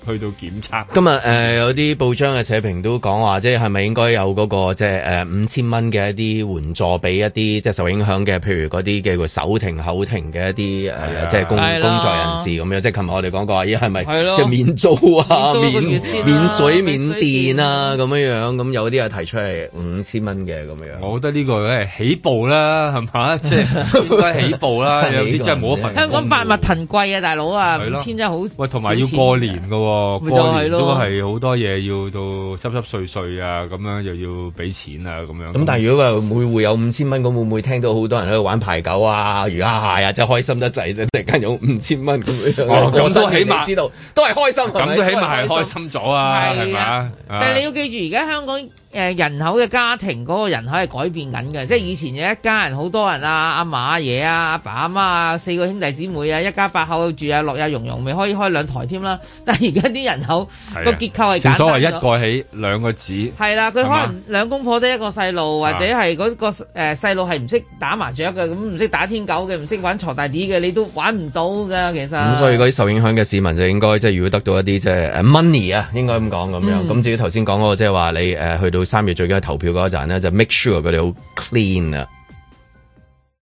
去到檢測。今日誒、呃、有啲報章嘅社評都講話，即係係咪應該有嗰、嗰個即係誒五千蚊嘅一啲援助俾一啲即係受影響嘅，譬如嗰啲叫做手停口停嘅一啲即係工工作人士咁樣。即係琴日我哋講過，咦係咪即係免租啊、免免、免水、啊、免水電啊咁樣、啊、樣，咁有啲嘢提出嚟五千蚊嘅咁樣。我覺得呢個起步啦，係嘛？即係應該起步啦？有啲係。 香港百物騰貴啊，大佬啊，五千真係好少，喂，同埋要過年㗎喎，過年都係好多嘢要到濕濕碎碎啊，咁樣又要俾錢啊，咁樣。咁但係如果話每戶有五千蚊，咁會唔會聽到好多人喺度玩牌九啊、魚蝦蟹啊，真係開心得滯啫，突然間有五千蚊咁樣。咁都起碼知道，都係開心，咁都起碼係開心咗啊，係啊。但係你要記住，而家香港。誒、呃、人口嘅家庭嗰、那個人口係改變緊嘅，嗯、即係以前有一家人好多人啊，阿嫲阿爺啊，阿爸阿媽啊，四個兄弟姊妹啊，一家八口住啊，樂也融融，未可以開兩台添啦。但係而家啲人口個結構係簡單，啊、所謂一個起兩個子係啦，佢、啊、可能兩公婆得一個細路，是啊、或者係嗰、那個誒細路係唔識打麻雀嘅，咁唔識打天九嘅，唔識玩鋤大 D 嘅，你都玩唔到㗎。其實咁、嗯、所以嗰啲受影響嘅市民就應該即係如果得到一啲即係 money 啊，應該咁講咁樣。咁、嗯、至於頭先講嗰個即係話你、呃、去到。到三月最佳投票嗰一陣咧，就是、make sure 佢哋好 clean 啊！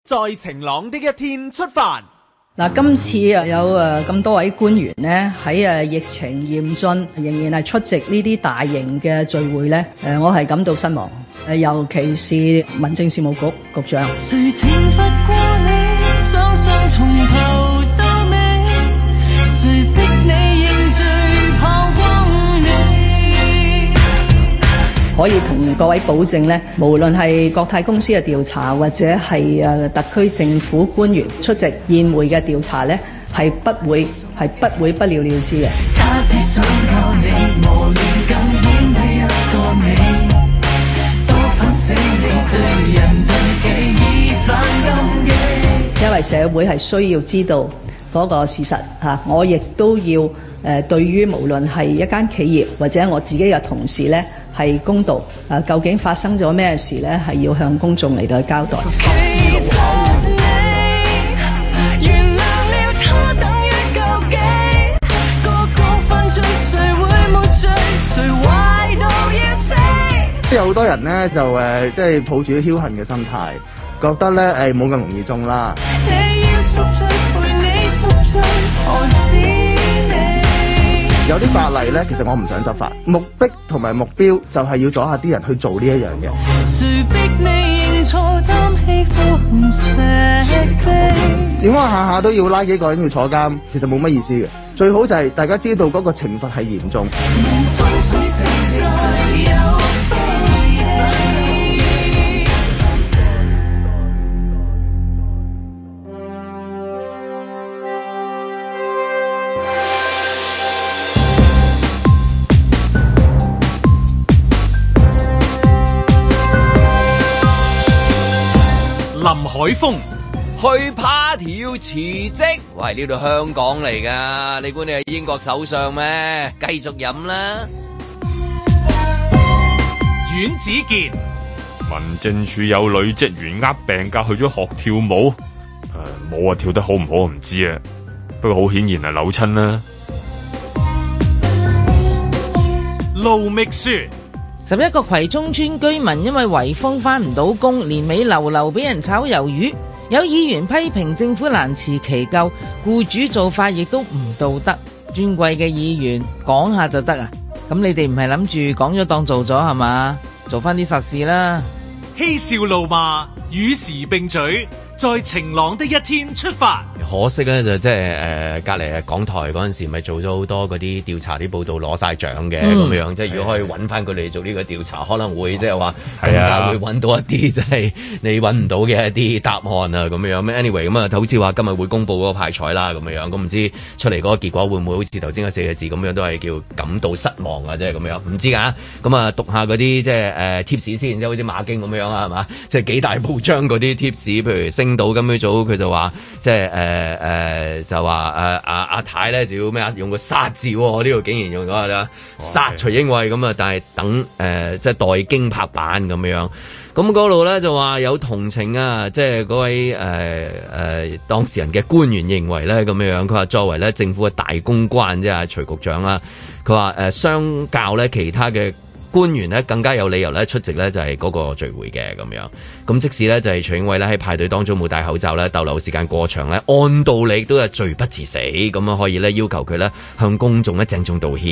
在晴朗的一天出發。嗱、啊，今次又有誒咁多位官員呢，喺誒疫情嚴峻，仍然係出席呢啲大型嘅聚會咧。誒，我係感到失望。誒，尤其是民政事務局局、局長。可以同各位保證呢，無論係國泰公司嘅調查，或者係特區政府官員出席宴會嘅調查呢，係不會，係不會不了了之嘅。因為社會係需要知道嗰個事實，我亦都要誒對於無論係一間企業或者我自己嘅同事呢。係公道、啊，究竟發生咗咩事咧？係要向公眾嚟到去交代。即係好多人咧就誒，即、啊、係、就是、抱住啲僥倖嘅心態，覺得咧誒冇咁容易中啦。有啲法例咧，其實我唔想執法，目的同埋目標就係要阻下啲人去做呢一樣嘅。點解下下都要拉幾個人要坐監？其實冇乜意思嘅。最好就係大家知道嗰個懲罰係嚴重。海風去 party 辭職，喂，呢度香港嚟噶，你估你係英國首相咩？繼續飲啦。阮子健，民政處有女職員呃病假去咗學跳舞，誒、呃、舞啊跳得好唔好唔知啊，不過好顯然係、啊、扭親啦。盧覓雪。十一個葵涌村居民因為圍封，翻唔到工，年尾流流俾人炒魷魚。有議員批評政府難辭其咎，僱主做法亦都唔道德。尊貴嘅議員講下就得啊？咁你哋唔係諗住講咗當做咗係嘛？做翻啲實事啦！嬉笑怒罵，與時並舉，在晴朗的一天出發。可惜咧就即係誒隔離啊！呃、港台嗰陣時咪做咗好多嗰啲調查啲報道攞晒獎嘅咁、嗯、樣，即係如果可以揾翻佢哋做呢個調查，嗯、可能會即係話更加會揾到一啲即係你揾唔到嘅一啲答案啊咁樣。咩 Anyway 咁啊？好似話今日會公布嗰個派彩啦咁樣，咁唔知出嚟嗰個結果會唔會好似頭先嘅四個字咁樣，都係叫感到失望啊！即係咁樣，唔知㗎。咁啊讀下嗰啲即係誒貼士先，然之後好似馬經咁樣啊，係嘛？即、就、係、是、幾大報章嗰啲貼士，譬如星島今日早佢就話即係誒。就是誒誒、呃，就話誒阿阿太咧，就要咩啊？用個殺字喎、哦，呢度竟然用咗殺徐英偉咁啊！但係等誒、呃，即係待代京拍板咁樣樣。咁嗰度咧就話有同情啊！即係嗰位誒誒、呃呃、當事人嘅官員認為咧，咁樣樣。佢話作為咧政府嘅大公關即係徐局長啦，佢話誒相較咧其他嘅官員咧，更加有理由咧出席咧就係、是、嗰個聚會嘅咁樣。咁即使咧就係、是、徐英偉咧喺派對當中冇戴口罩咧逗留時間過長咧，按道理都係罪不至死，咁啊可以咧要求佢咧向公眾咧鄭重道歉。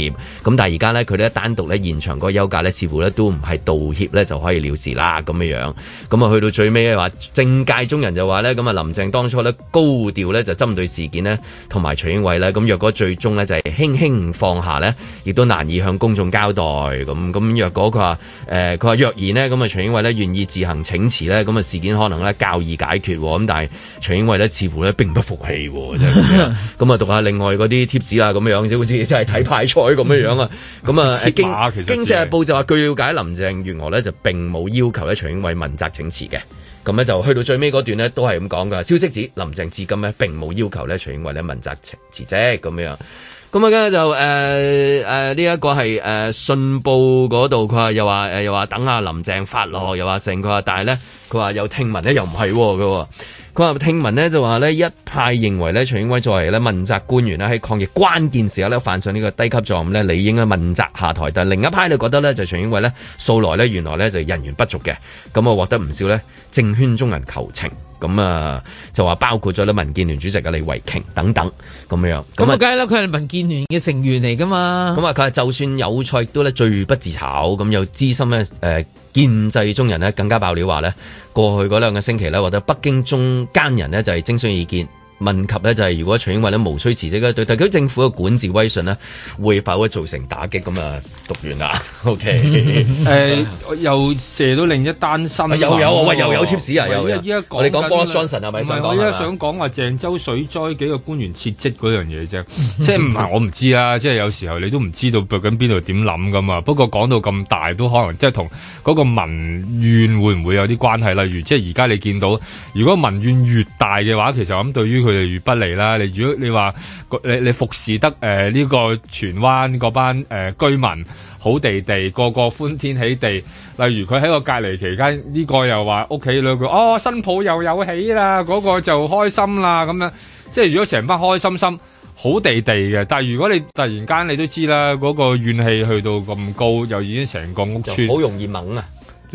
咁但係而家咧佢咧單獨咧現場個休假咧，似乎咧都唔係道歉咧就可以了事啦咁樣樣，咁啊去到最尾嘅話政界中人就話咧，咁啊林鄭當初咧高調咧就針對事件咧同埋徐英偉咧，咁若果最終咧就係輕輕放下咧，亦都難以向公眾交代。咁咁若果佢話誒佢話若然咧，咁啊徐英偉咧願意自行請辭。咁啊事件可能呢較易解決，咁但係徐英偉似乎呢並不服氣。喎、就係。咁啊！咁讀下另外嗰啲貼子啊咁樣，就好似真係睇派賽咁樣啊！咁啊經經濟日報就話，據了解林鄭月娥呢就並冇要求呢徐英偉問責請辭嘅，咁呢就去到最尾嗰段呢，都係咁講㗎。消息指林鄭至今呢並冇要求呢，徐英偉咧問責請辭職咁樣。咁啊，跟住就誒誒呢一個係誒、呃、信報嗰度，佢係又話誒又話等阿林鄭發落，又話成佢話，但係咧佢話有聽聞咧又唔係嘅，佢話聽聞咧就話呢，一派認為咧徐英偉作為咧問責官員咧喺抗疫關鍵時候咧犯上呢個低級錯誤咧，理應咧問責下台，但另一派就覺得咧就徐英偉呢素來呢，原來呢就人員不足嘅，咁啊獲得唔少呢，政圈中人求情。咁啊，就話包括咗咧，民建聯主席嘅李慧瓊等等咁樣。咁啊，梗係啦，佢係民建聯嘅成員嚟噶嘛。咁啊，佢係就算有錯，都咧罪不自討。咁有資深嘅誒、呃、建制中人咧，更加爆料話咧，過去嗰兩個星期咧，或者北京中間人咧，就係徵詢意見。問及咧，就係、是、如果徐英偉呢無須辭職咧，對特區政府嘅管治威信呢，會否造成打擊咁啊？樣讀完啦，OK，誒、 呃、又射到另一單新，又有啊喂，又有貼士啊，有依家講你講 Boris Johnson 啊，咪想講，我想講話、啊、鄭州水災幾個官員撤職嗰樣嘢啫、 啊，即係唔係我唔知啦，即係有時候你都唔知道究竟邊度點諗噶嘛。不過講到咁大都可能即係同嗰個民怨會唔會有啲關係？例如即係而家你見到，如果民怨越大嘅話，其實我諗對於佢。如不嚟啦，你如果你話你你服侍得誒呢、呃呢個荃灣嗰班誒、呃、居民好地地個個歡天喜地，例如佢喺個隔離期間呢、呢個又話屋企兩個哦新抱又有喜啦，嗰、嗰個就開心啦咁樣，即係如果成班開心心好地地嘅，但係如果你突然間你都知啦，嗰、嗰個怨氣去到咁高，又已經成個屋村好容易猛啊。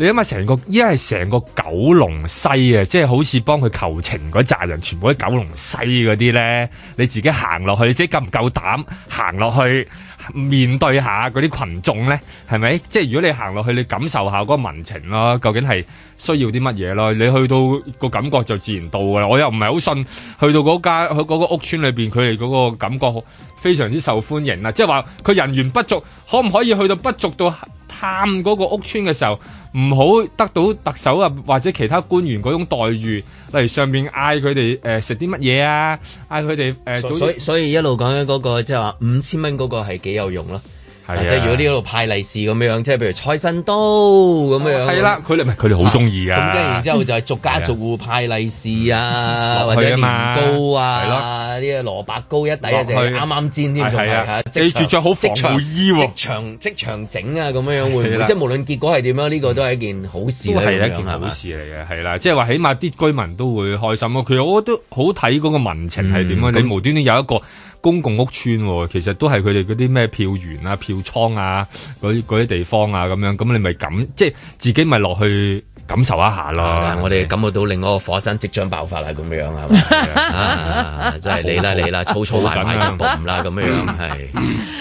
你諗下，成個依家係成個九龍西啊，即係好似幫佢求情嗰扎人，全部喺九龍西嗰啲咧。你自己行落去，你自己夠唔夠膽行落去面對下嗰啲群眾咧？係咪？即係如果你行落去，你感受下嗰個民情咯，究竟係需要啲乜嘢咯？你去到嗰個感覺就自然到噶啦。我又唔係好信去到嗰間去嗰個屋村裏邊，佢哋嗰個感覺好非常之受歡迎啦。即係話佢人員不足，可唔可以去到不足到探嗰個屋村嘅時候？唔好得到特首啊或者其他官員嗰種待遇，例如上面嗌佢哋誒食啲乜嘢啊，嗌佢哋誒，所以，做所，以所以一路講緊嗰個即係話五千蚊嗰個係幾有用咯。即係如果呢嗰度派利是咁樣，即係譬如菜新都咁樣。係啦，佢哋咪佢哋好中意啊。咁跟住然之後就係逐家逐戶派利是啊，或者年糕啊，呢個蘿蔔糕一底就係啱啱煎添。係啊，你著着好防護衣喎。即場即場整啊，咁樣樣會唔會？即係無論結果係點樣，呢個都係一件好事嚟嘅。係啦，即係話起碼啲居民都會開心咯。其實我都好睇嗰個民情係點樣。你無端端有一個。公共屋邨其實都係佢哋嗰啲咩票源啊、票倉啊、嗰啲地方啊咁樣，咁你咪感即係自己咪落去感受一下咯。我哋感覺到另外一個火山即將爆發啦，咁樣係嘛？真係你啦你啦，草草埋埋咁嘣啦，咁樣係。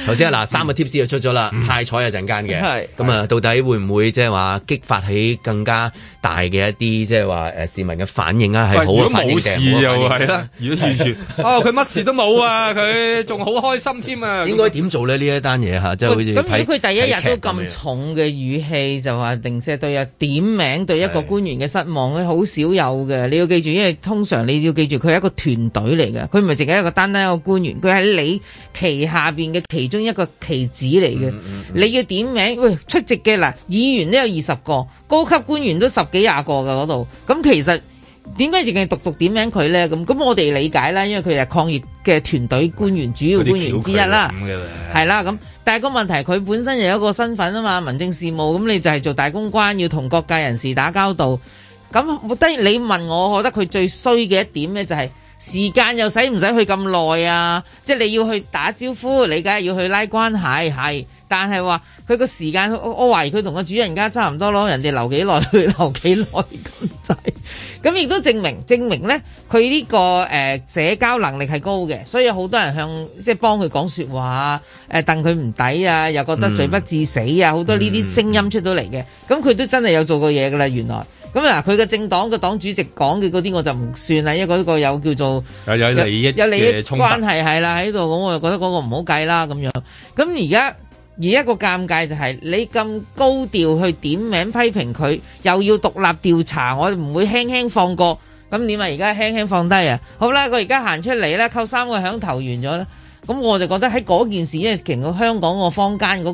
頭先嗱三個 tips 就出咗啦，派彩一陣間嘅。係咁啊，到底會唔會即係話激發起更加？大嘅一啲即係話，誒市民嘅反應啊，係喂好冇事好、啊、又係是啦，如果完全 哦，佢乜事都冇啊，佢仲好開心添啊。 應該點做咧呢一單嘢吓，即係喂好似咁。如果佢第一日都咁重嘅語氣，就話，定是對啊，點名對一個官員嘅失望，佢好的少有嘅。你要記住，因為通常你要記住，佢係一個團隊嚟嘅，佢唔係淨係一個單單一個官員，佢係你旗下邊嘅其中一個棋子嚟嘅。嗯嗯、你要點名喂出席嘅嗱，議員都有二十個高級官員都十幾廿個嘅嗰度，咁其實點解仲要獨獨點名佢呢？咁咁我哋理解啦，因為佢係抗疫嘅團隊官員們主要官員之一啦，係啦。咁但係個問題，佢本身又有一個身份啊嘛，民政事務咁，你就係做大公關，要同各界人士打交道。咁當然你問我，我覺得佢最衰嘅一點呢、就是，就係時間又使唔使去咁耐啊？即係你要去打招呼，你梗係要去拉關係，係。但係話佢個時間，我懷疑佢同個主人家差唔多咯。人哋留幾耐，佢留幾耐咁滯。咁 亦都證明證明咧，佢呢、呢個誒、呃、社交能力係高嘅。所以好多人向即係幫佢講説話，誒戥佢唔抵啊，又覺得罪不至死啊，好、嗯、多呢啲聲音出到嚟嘅。咁佢、嗯、都真係有做過嘢噶啦，原來。咁佢嘅政黨嘅黨主席講嘅嗰啲，我就唔算啦，因為嗰個有叫做有利益有利益衝突關係係啦喺度，咁我就覺得嗰個唔好計啦咁樣。咁而家。而一個尷尬就係你咁高調去點名批評佢，又要獨立調查，我唔會輕輕放過。咁點啊？而家輕輕放低啊！好啦，我而家行出嚟啦，扣三個響頭完咗啦。咁我就覺得喺嗰件事，因為其實香港坊間、那個坊間嗰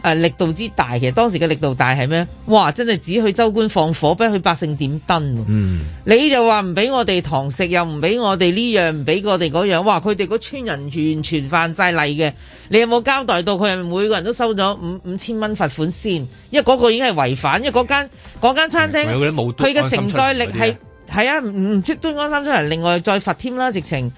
個力度之大，其實當時嘅力度大係咩？哇！真係只許州官放火，不許百姓點燈。嗯，你就話唔俾我哋堂食，又唔俾我哋呢樣，唔俾我哋嗰樣。哇！佢哋嗰村人完全犯晒例嘅。你有冇交代到佢係每個人都收咗五五千蚊罰款先？因為嗰個已經係違反，因為嗰間嗰間餐廳，佢嘅承載力係係啊，唔唔出端安心出行，另外再罰添啦，直情。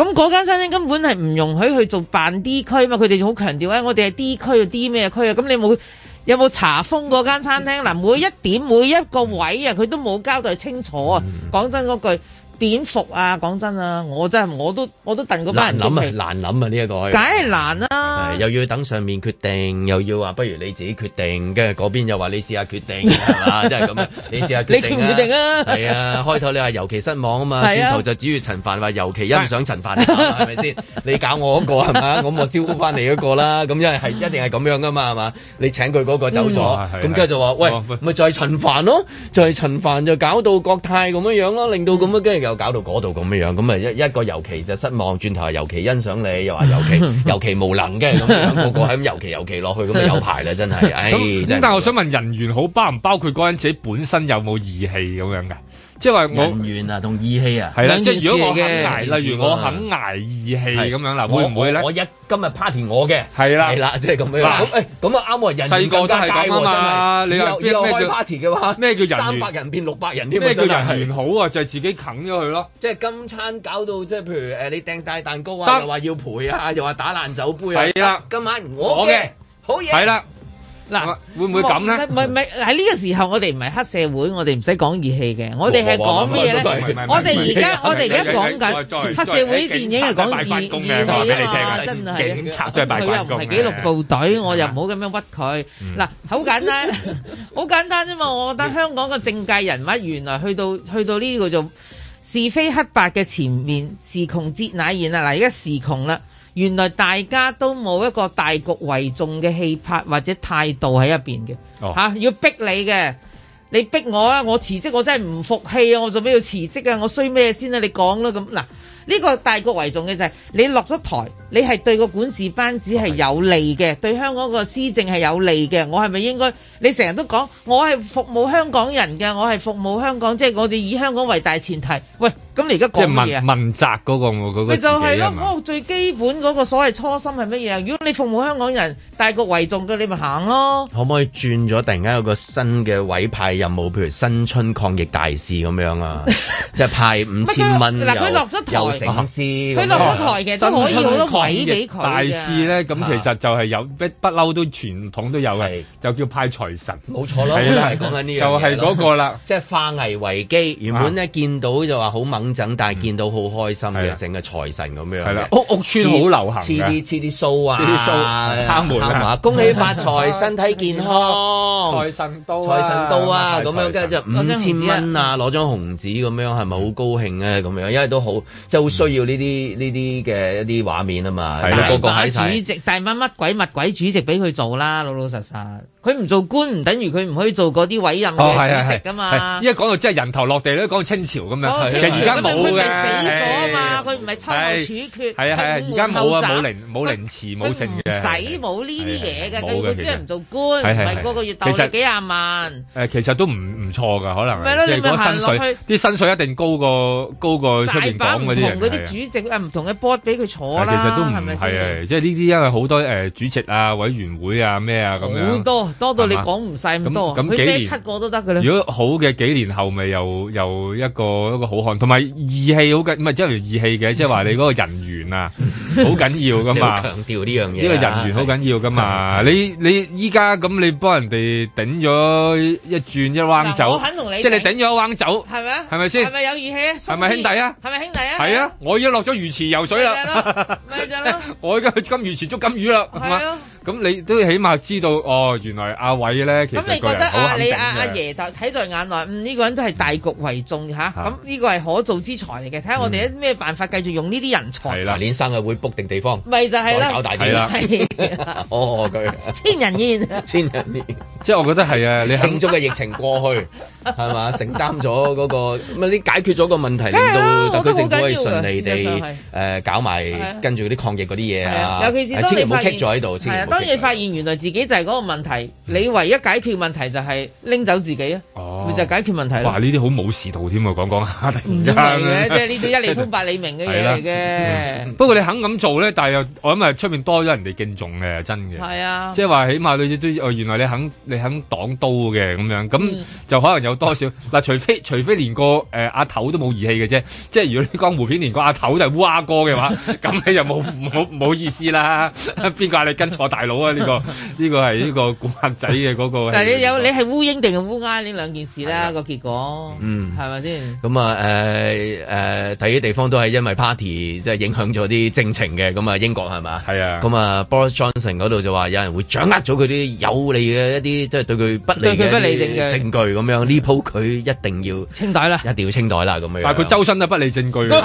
咁嗰間餐廳根本係唔容許去做辦 D 區嘛，佢哋好強調咧，我哋係 D 區啊，D 咩區啊？咁你冇有冇查封嗰間餐廳？嗱，每一點每一個位啊，佢都冇交代清楚啊！講真嗰句。點服啊！講真啊，我真係我都我都戥嗰班人諗啊，難諗啊呢一個，梗係難啦。又要等上面決定，又要話不如你自己決定，跟住嗰邊又話你試下決定，係嘛？真係咁樣，你試下決定啊！你決唔決定啊！係啊，開頭你話尤其失望啊嘛，轉頭就至於陳凡話尤其欣賞陳凡，係咪先？你搞我嗰個係嘛？咁我招呼翻你嗰個啦，咁因為係一定係咁樣噶嘛，係嘛？你請佢嗰個走咗，咁跟住就話喂，咪就係陳凡咯，就係陳凡就搞到國泰咁樣樣咯，令到咁樣嘅。又搞到嗰度咁嘅樣，咁啊一一個尤其就失望，轉頭尤其欣賞你，又話尤， 尤，尤其尤其無能嘅咁樣，個個係咁尤其尤其落去，咁啊有排啦，真係，咁但係我想問，對 人緣好包唔包括嗰人自己本身有冇義氣咁樣嘅？即係話人緣啊，同義氣啊，兩件事嘅。如果我肯捱，例如我肯捱義氣咁樣啦，會唔會咧？我一今日 party 我嘅係啦，係啦，即係咁樣啦。咁啊啱喎，人緣都係咁啊嘛。你又開 party 嘅話，咩叫人緣？三百人變六百人，咩叫人緣好啊？就係自己啃咗佢咯。即係今餐搞到即係譬如誒，你訂大蛋糕啊，又話要賠啊，又話打爛酒杯啊。係啦，今晚我嘅好嘢。係啦。嗱，啦會唔會咁咧？唔係唔係，喺呢個時候我哋唔係黑社會，我哋唔使講義氣嘅。我哋係講咩咧？我哋而家我哋而家講緊、就是、黑社會電影嚟講義義氣啊嘛！真係，警察都係拜關公嘅，佢又唔係紀錄部隊，我又唔好咁樣屈佢。嗱、嗯，好簡單，好 簡單啫嘛！我覺得香港嘅政界人物原來去到去到呢個做是非黑白嘅前面，時窮節乃見啊！嗱，而家時窮啦。原來大家都冇一個大局為重嘅氣魄或者態度喺入邊嘅，吓、Oh. 啊、要逼你嘅，你逼我啊，我辭職，我真係唔服氣啊，我做咩要辭職啊，我衰咩先啊，你講啦咁。嗱、呢、這個大局為重嘅就係、是、你落咗台。你係對個管治班子係有利嘅，對香港個施政係有利嘅。我係咪應該？你成日都講我係服務香港人嘅，我係服務香港，即係我哋以香港為大前提。喂，咁你而家講嘢？即係問問責嗰個嗰個嘅嘢啦嘛？咪就係咯，嗰個最基本嗰個所謂初心係乜嘢？如果你服務香港人，大局為重嘅，你咪行咯。可唔可以轉咗？突然間有個新嘅委派任務，譬如新春抗疫大使咁樣啊，即係派五千蚊嗱，佢落咗台又城市，佢落咗台其實都可以好多，鬼俾佢大事咧，咁其實就係有不不嬲都傳統都有嘅，啊、就叫派財神，冇錯咯，係啦， 講緊呢樣，就係嗰個啦，即係化危為機。原本咧見到就話好掹陣，但係見到好開心嘅，整個財神咁樣。係啦、啊啊，屋屋村好流行，黐啲黐啲數啊，敲、啊、門啊、嗯，恭喜發財，身體健康，財神到。財神到啊！咁、啊、樣跟住就五千蚊啊，攞張紅紙咁樣，係咪好高興啊？咁樣，因為都好即係好需要呢啲呢啲嘅一啲畫面咯、啊。嘛，是大班的主席，大乜乜鬼物鬼主席俾佢做啦，老老實實。佢唔做官唔等於佢唔可以做嗰啲委任嘅主席噶嘛？依家講到即係人頭落地咧，講到清朝咁樣，其實而家冇嘅，死咗啊嘛，佢唔係秋後處決，係啊係啊，而家冇啊冇凌冇凌遲冇剩嘅，使冇呢啲嘢嘅，佢即係唔做官，唔係個個月鬥幾廿萬。誒，其實都唔唔錯噶，可能係。咪咯，你咪行落去，啲薪水一定高過高過出邊講嗰啲人嘅。唔同嗰啲主席啊，唔同嘅 board 俾佢坐啦，其實都唔係，即係呢啲因為好多誒主席啊、委員會啊咩啊咁樣。好多。多到你講唔晒咁多，佢咩七個都得噶啦。如果好嘅幾年後咪又又一個一個好漢，同埋義氣好緊，唔係即係義氣嘅，即係話你嗰個人緣啊，好緊要噶嘛。強調呢樣嘢，呢個人緣好緊要噶嘛。你你依家咁你幫人哋頂咗一轉一彎走，我肯同你，即係你頂咗一彎走，係咪啊？係咪先？係咪有義氣啊？係咪兄弟啊？係咪兄弟啊？係啊！我已經落咗魚池游水啦，咪就係咯。我依家去金魚池捉金魚啦，係嘛？咁你都起碼知道哦，原來阿偉咧，咁你覺得阿、啊、你阿、啊、阿爺就睇在眼內，嗯呢、這個人都係大局為重嚇，咁呢、嗯啊、個係可造之才嚟嘅，睇下我哋有咩辦法繼續用呢啲人才。係啦、嗯，年生啊，會 book 定地方？咪就係啦，搞大啲啦。哦，佢 千人宴， 千人宴， 即係我覺得係啊，你慶祝嘅疫情過去。 係嘛？ 承擔咗嗰、嗰個咪你解決咗個問題，令到特區政府可以順利地誒、 呃、搞埋跟住啲抗疫嗰啲嘢啊。尤其是當你棘咗喺度。當你發現原來自己就係嗰個問題，嗯、你唯一解決問題就係拎走自己啊！哦，就解決問題。哇！呢啲好冇時途添喎，講講一下不是啊。唔係即係呢啲一理通百理明嘅嘢嘅。不過你肯咁做咧，但係又我諗啊，出面多咗人哋敬重嘅，真嘅。係啊，即係話起碼你都原來你肯你肯擋刀嘅咁樣，咁就可能有 有多少嗱？除非除非連個誒阿、呃、頭都冇義氣嘅啫，即係如果你江湖片連個阿頭都係烏鴉哥嘅話，咁你又冇冇冇意思啦？邊個嗌你跟錯大佬啊？呢、這個呢、這個係呢個古惑仔嘅嗰個、， 那個。但係你有你係烏蠅定係烏鴉呢兩件事啦、啊？是啊、個結果，嗯，吧嗯，係咪先？咁啊誒誒，啲、呃、地方都係因為 party 即係影響咗啲政情嘅。咁是啊，啊，英國係咪？係啊。咁啊，Boris Johnson 嗰度就話有人會掌握咗佢啲有利嘅一啲，即、就、係、是、對佢不利嘅證據咁樣呢？鋪佢一定要清袋啦，一定要清袋啦咁樣。但係佢周身都不利證據啊！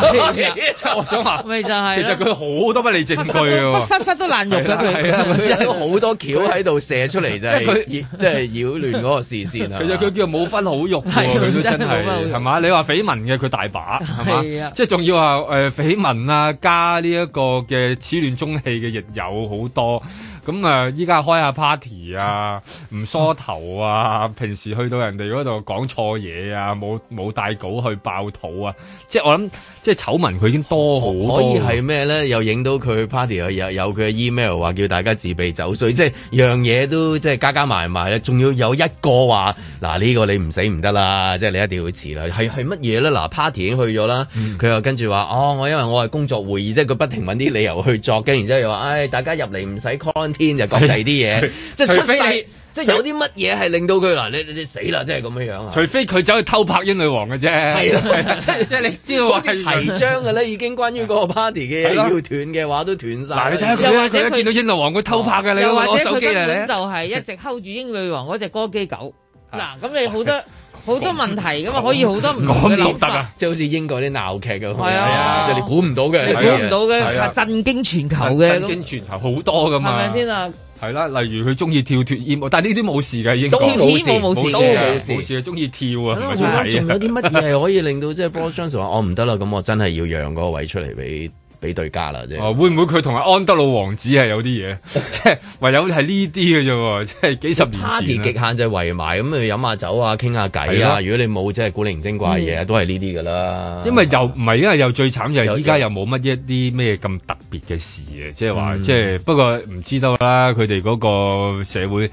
我想話，咪就係。其實佢好多不利證據啊，一忽忽都爛肉嘅，都好多橋喺度射出嚟，真係擾亂嗰個視線啊！其實佢叫冇分好用，真係係嘛？你話緋聞嘅佢大把，係嘛？即係仲要話誒緋聞啊，加呢一個嘅始亂終棄嘅亦有好多。咁啊依家開下 party 啊，唔梳頭啊，平時去到人哋嗰度講錯嘢啊，冇冇帶稿去爆肚啊，即係我諗，即係醜聞佢已經多，多，好，可以係咩咧？又影到佢 party 有有佢嘅 email 話叫大家自備酒水，即係樣嘢都即係加加埋埋咧，仲要有一個話嗱呢個你唔死唔得啦，即係你一定要遲啦，係係乜嘢咧？嗱 party 已經去咗啦，佢、嗯、又跟住話哦，我因為我係工作會議，即係佢不停揾啲理由去作嘅，然之後又話誒、哎、大家入嚟唔使 con。天就講第二啲嘢，即係出世，即係有啲乜嘢係令到佢嗱，你你死啦！即係咁樣樣啊！除非佢走去偷拍英女王嘅啫，係咯，即係即係你知道話齊張嘅咧，已經關於嗰個 party 嘅嘢要斷嘅話都斷晒。嗱，你睇下佢嗰陣時一見到英女王佢偷拍嘅，你攞手機嚟咧，又或者佢根本就係一直 hold 住英女王嗰隻哥基狗。嗱，咁你好多。好多問題噶嘛，可以好多唔嘅變化，即係好似英國啲鬧劇咁，係啊，即係你估唔到嘅，估唔到嘅嚇震驚全球嘅，震驚全球好多噶嘛，係咪先啊？係啦，例如佢中意跳脫衣帽，但係呢啲冇事嘅，英國冇事，冇事嘅，中意跳啊，咁仲有啲乜嘢係可以令到即係波 o l t 我唔得啦，咁我真係要讓嗰個位出嚟俾。俾對家啦啫。哦，會唔會佢同阿安德魯王子係有啲嘢？即係唯有係呢啲嘅啫。即係幾十年前。極限就係圍埋咁啊，飲下酒啊，傾下偈啊。如果你冇即係古靈精怪嘢，都係呢啲噶啦。因為又唔係，因為又最慘就係依家又冇乜一啲咩咁特別嘅事嘅，即係話即係不過唔知道啦。佢哋嗰個社會誒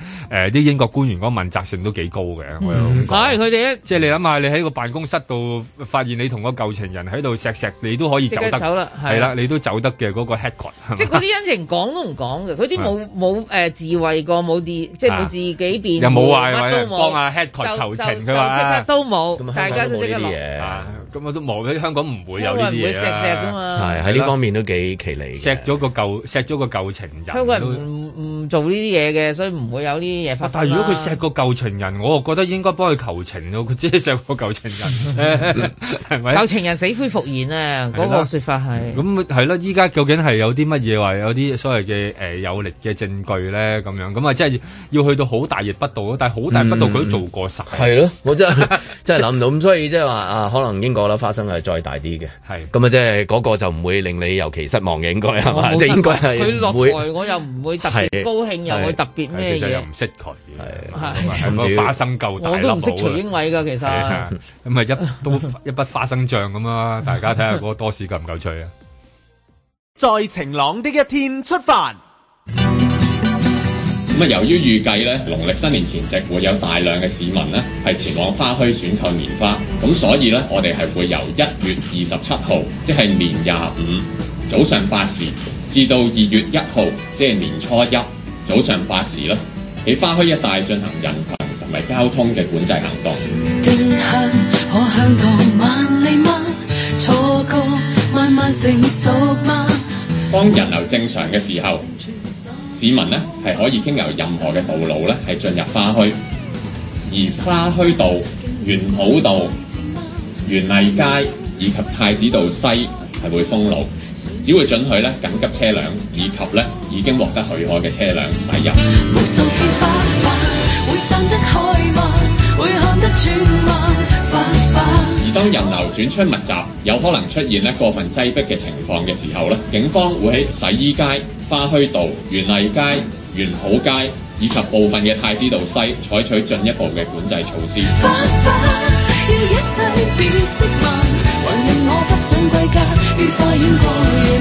啲英國官員嗰個問責性都幾高嘅。我又咁講。佢哋即係你諗下，你喺個辦公室度發現你同個舊情人喺度錫錫，你都可以走得走啦，係啦。你都走得嘅嗰個 head 即係嗰啲恩情講都唔講嘅，佢啲冇冇誒自慰過，冇啲即係冇自己變，又冇話乜都冇，幫阿 headquarter 求情就就就即刻都冇，大家都即刻落。啊咁我都望咗香港唔會有呢啲嘢。香港人唔會錫錫噶嘛，係喺呢方面都幾奇離嘅，錫咗個舊錫咗個舊情人。香港人唔唔做呢啲嘢嘅，所以唔會有呢啲嘢發生，啊。但如果佢錫個舊情人，我覺得應該幫佢求情咯。佢真係錫個舊情人，舊 情人死灰復燃啊，嗰的個説法係。咁係咯，依家究竟係有啲乜嘢話？有啲所謂嘅、呃、有力嘅證據咧，咁樣咁啊，即係要去到好大逆不道咯。但係好大逆不道，佢都做過晒係咯，我真係真係諗唔到。咁、 就是、所以即係話啊，可能英國。個粒花生係再大啲嘅，係咁啊！即係嗰個就唔會令你尤其失望應該係嘛？應該係佢落台，我又唔會特別高興，又唔會特別咩嘢。其實又唔識佢，係係嗰個花生夠大粒寶啊！我都唔識徐英偉噶，其實咁啊一都一筆花生醬咁啊！大家睇下嗰個多士夠唔夠脆啊！在晴朗的一天出發。由於預計咧，農曆新年前夕會有大量嘅市民咧，係前往花墟選購年花，咁所以咧，我哋係會由一月二十七號，即係年廿五早上八時，至到二月一號，即係年初一早上八時啦，喺花墟一帶進行人群同埋交通嘅管制行動。定行向當人流正常嘅時候。市民呢，係可以經由任何嘅道路呢，係進入花墟，而花墟道、園圃道、元麗街以及太子道西係會封路，只會准許呢緊急車輛以及呢已經獲得許可嘅車輛駛入。當人流轉出密集，有可能出現呢過分擠迫嘅情況嘅時候呢，警方會喺洗衣街、花墟道、園藝街、園圃街以及部分嘅太子道西採取進一步嘅管制措施。花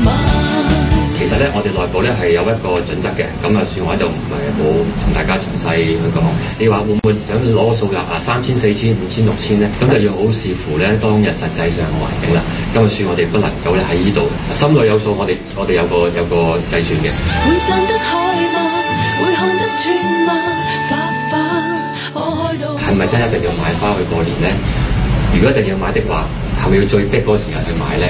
花其實咧，我哋內部咧係有一個準則嘅，咁啊算我喺度唔係冇同大家詳細去講。你話會唔會想攞個數入啊三千四千五千六千咧？咁就要好視乎咧當日實際上嘅環境啦。咁就算我哋不能夠咧喺呢度，心裏有數，我哋我哋有個有個計算嘅。係咪真一定要買花去過年咧？如果一定要買的話，係咪要最逼嗰個時間去買咧？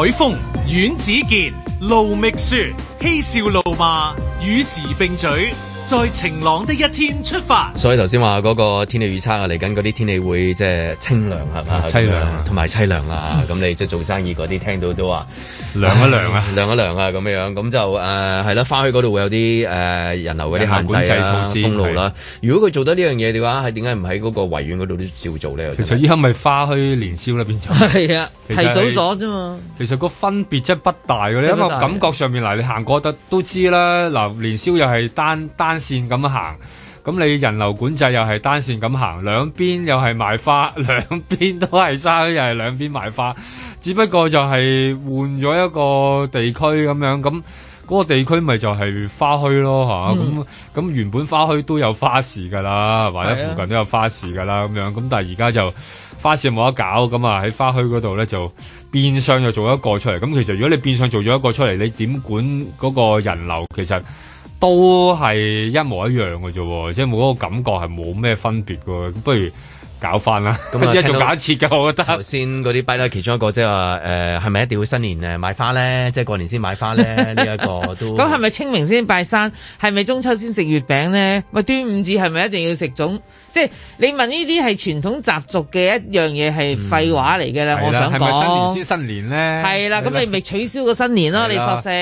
海峰、阮子健，盧覓雪，嬉笑怒罵，與時並舉。在晴朗的一天出發，所以頭先話嗰個天氣預測啊，嚟緊嗰啲天氣會即係清涼係、啊、嘛？淒涼同埋淒涼啦、啊，咁 你即係做生意嗰啲聽到都話涼一涼啊，涼一涼啊咁、啊、樣，咁就誒係啦，花墟嗰度會有啲誒、啊、人流嗰啲限制啦、啊、公路啦、啊。如果佢做得呢樣嘢嘅話，係點解唔喺嗰個維園嗰度都照做呢？其實依家咪花墟年宵啦變咗，係啊提早咗啫嘛。其實，其實個分別真係不大嘅，大的因為感覺上面嗱，你行過得都知啦。嗱的，年、啊、宵又係單單。單線咁行，咁你人流管制又係單線咁行，兩邊又係賣花，兩邊都係沙墟，又係兩邊賣花，只不過就係換咗一個地區咁樣，咁嗰個地區咪就係花墟咯，吓、嗯，咁咁原本花墟都有花市噶啦，或者附近都有花市噶啦，咁是、啊、樣，咁但係而家就花市冇得搞，咁啊喺花墟嗰度呢，就變相就做一個出嚟，咁其實如果你變相做咗一個出嚟，你點管嗰個人流其實？都係一模一樣嘅啫喎，即係冇嗰個感覺係冇咩分別嘅，不如。搞翻啦！咁啊，一種假設嘅，我覺得頭先嗰啲拜咧，其中一個即係話誒，係咪一定要新年誒買花咧？即係過年先買花咧？呢一個都咁係咪清明先拜山？係咪中秋先食月餅咧？咪端午節係咪一定要食粽？即係你問呢啲係傳統習俗嘅一樣嘢係廢話嚟嘅啦！我想講，新年先新年咧，係啦，咁你咪取消個新年咯？你索性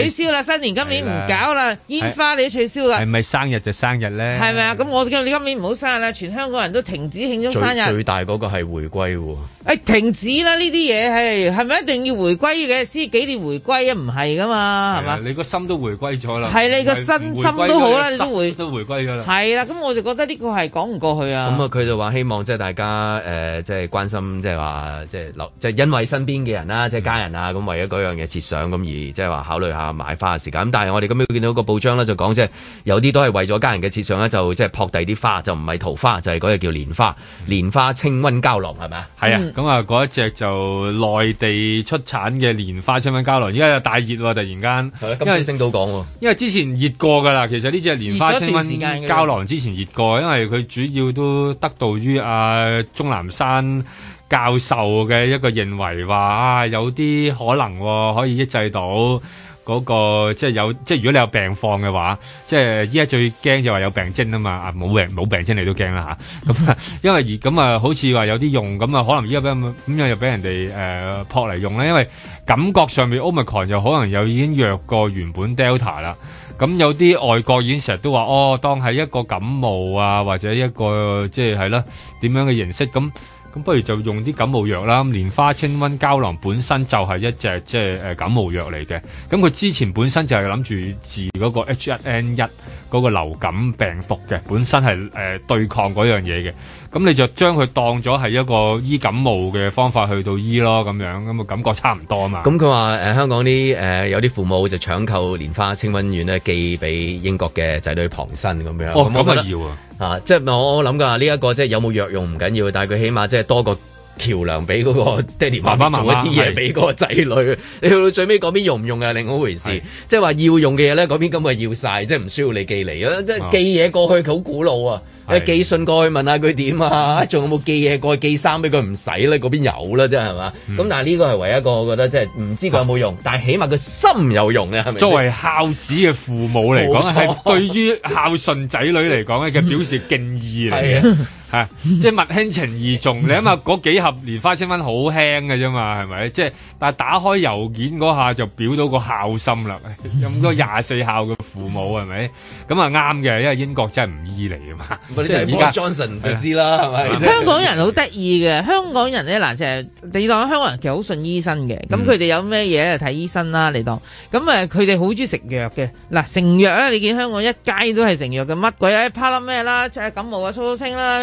取消啦！新年今年唔搞啦，煙花你都取消啦，係咪生日就生日咧？係咪啊？咁我叫你今年唔好生日啦，全香港人都停止慶最最大嗰個係回歸喎，誒、哎、停止啦呢啲嘢，係係咪一定要回歸嘅？先幾年回歸啊，唔係噶嘛，係嘛？你個心都回歸咗啦，係你個身心，心都好啦，你都會都回歸噶啦。係啦回，咁、啊、我就覺得呢個係講唔過去啊。咁啊，佢就話希望即係大家誒，即、呃、係關心，即係話即係留，即係因為身邊嘅人啦，即、就、係、是、家人啊，咁、嗯、為咗嗰樣嘢設想，咁而即係話考慮下買花嘅時間。咁但係我哋今日見到個報章咧，就講即係有啲都係為咗家人嘅設想咧，就即係撲第啲花，就唔係桃花，就係、是、嗰隻叫蓮花。蓮花清瘟膠囊係咪？係啊，咁啊嗰一隻就內地出產嘅蓮花清瘟膠囊，而家又大熱喎，突然間，因為升到講，因為之前熱過噶啦。其實呢隻蓮花清瘟膠囊之前熱過，因為佢主要都得到於啊鍾南山教授嘅一個認為話啊，有啲可能、啊、可以抑制到。嗰個即係有即係如果你有病況嘅話，即係依家最驚就話有病徵啊嘛！啊冇病冇病徵你都驚啦嚇，咁啊因為咁啊好似話有啲用咁啊，可能依家俾咁又又俾人哋誒撲嚟用咧，因為感覺上面 Omicron 就可能又已經弱過原本 Delta 啦，咁有啲外國已經成日都話哦，當係一個感冒啊或者一個即係係啦點樣嘅形式咁。咁不如就用啲感冒藥啦，蓮花清瘟膠囊本身就係一隻即係誒感冒藥嚟嘅。咁佢之前本身就係諗住治嗰個 H1N1 嗰個流感病毒嘅，本身係誒對抗嗰樣嘢嘅。咁你就將佢當咗係一個醫感冒嘅方法去到醫咯，咁樣咁個感覺差唔多啊嘛。咁佢話誒香港啲誒、呃、有啲父母就搶購蓮花清瘟丸咧寄俾英國嘅仔女旁身咁樣。哦，咁緊、嗯、要啊！啊、就是，即係我我諗噶呢一個即係、就是、有冇藥用唔緊要，但係佢起碼即係多個。橋梁俾嗰個爹哋媽媽做一啲嘢俾嗰個仔女，媽媽媽媽媽你去到最尾嗰邊用唔用啊？另外一回事，即係話要用嘅嘢咧，嗰邊根本係要晒，即係唔需要你寄嚟即係寄嘢過去好古老啊，你是寄信過去問下佢點啊？仲有冇寄嘢過去寄衫俾佢唔使咧？嗰邊有啦、啊，真係嘛？咁、嗯、但係呢個係唯一,一個個，我覺得即係唔知佢有冇用，啊、但係起碼佢心有用咧，係咪？作為孝子嘅父母嚟講，係錯對於孝順仔女嚟講嘅表示敬意嚟嘅 的。 吓，即係物輕情意重，你諗下嗰幾盒蓮花清瘟好輕㗎啫嘛，係咪？即係，但係打開郵件嗰下就表到個孝心啦，咁多廿四孝嘅父母係咪？咁啊啱嘅，因為英國真係唔醫嚟啊嘛，即係 Johnson 就知啦，係咪？香港人好得意嘅，香港人咧嗱，即係你當香港人其實好信醫生嘅，咁佢哋有咩嘢就睇醫生啦，你當咁啊，佢哋好中意食藥嘅，嗱，成藥咧，你見香港一街都係成藥嘅，乜鬼啊？啪粒咩啦？即係感冒啊，蘇蘇聲啦。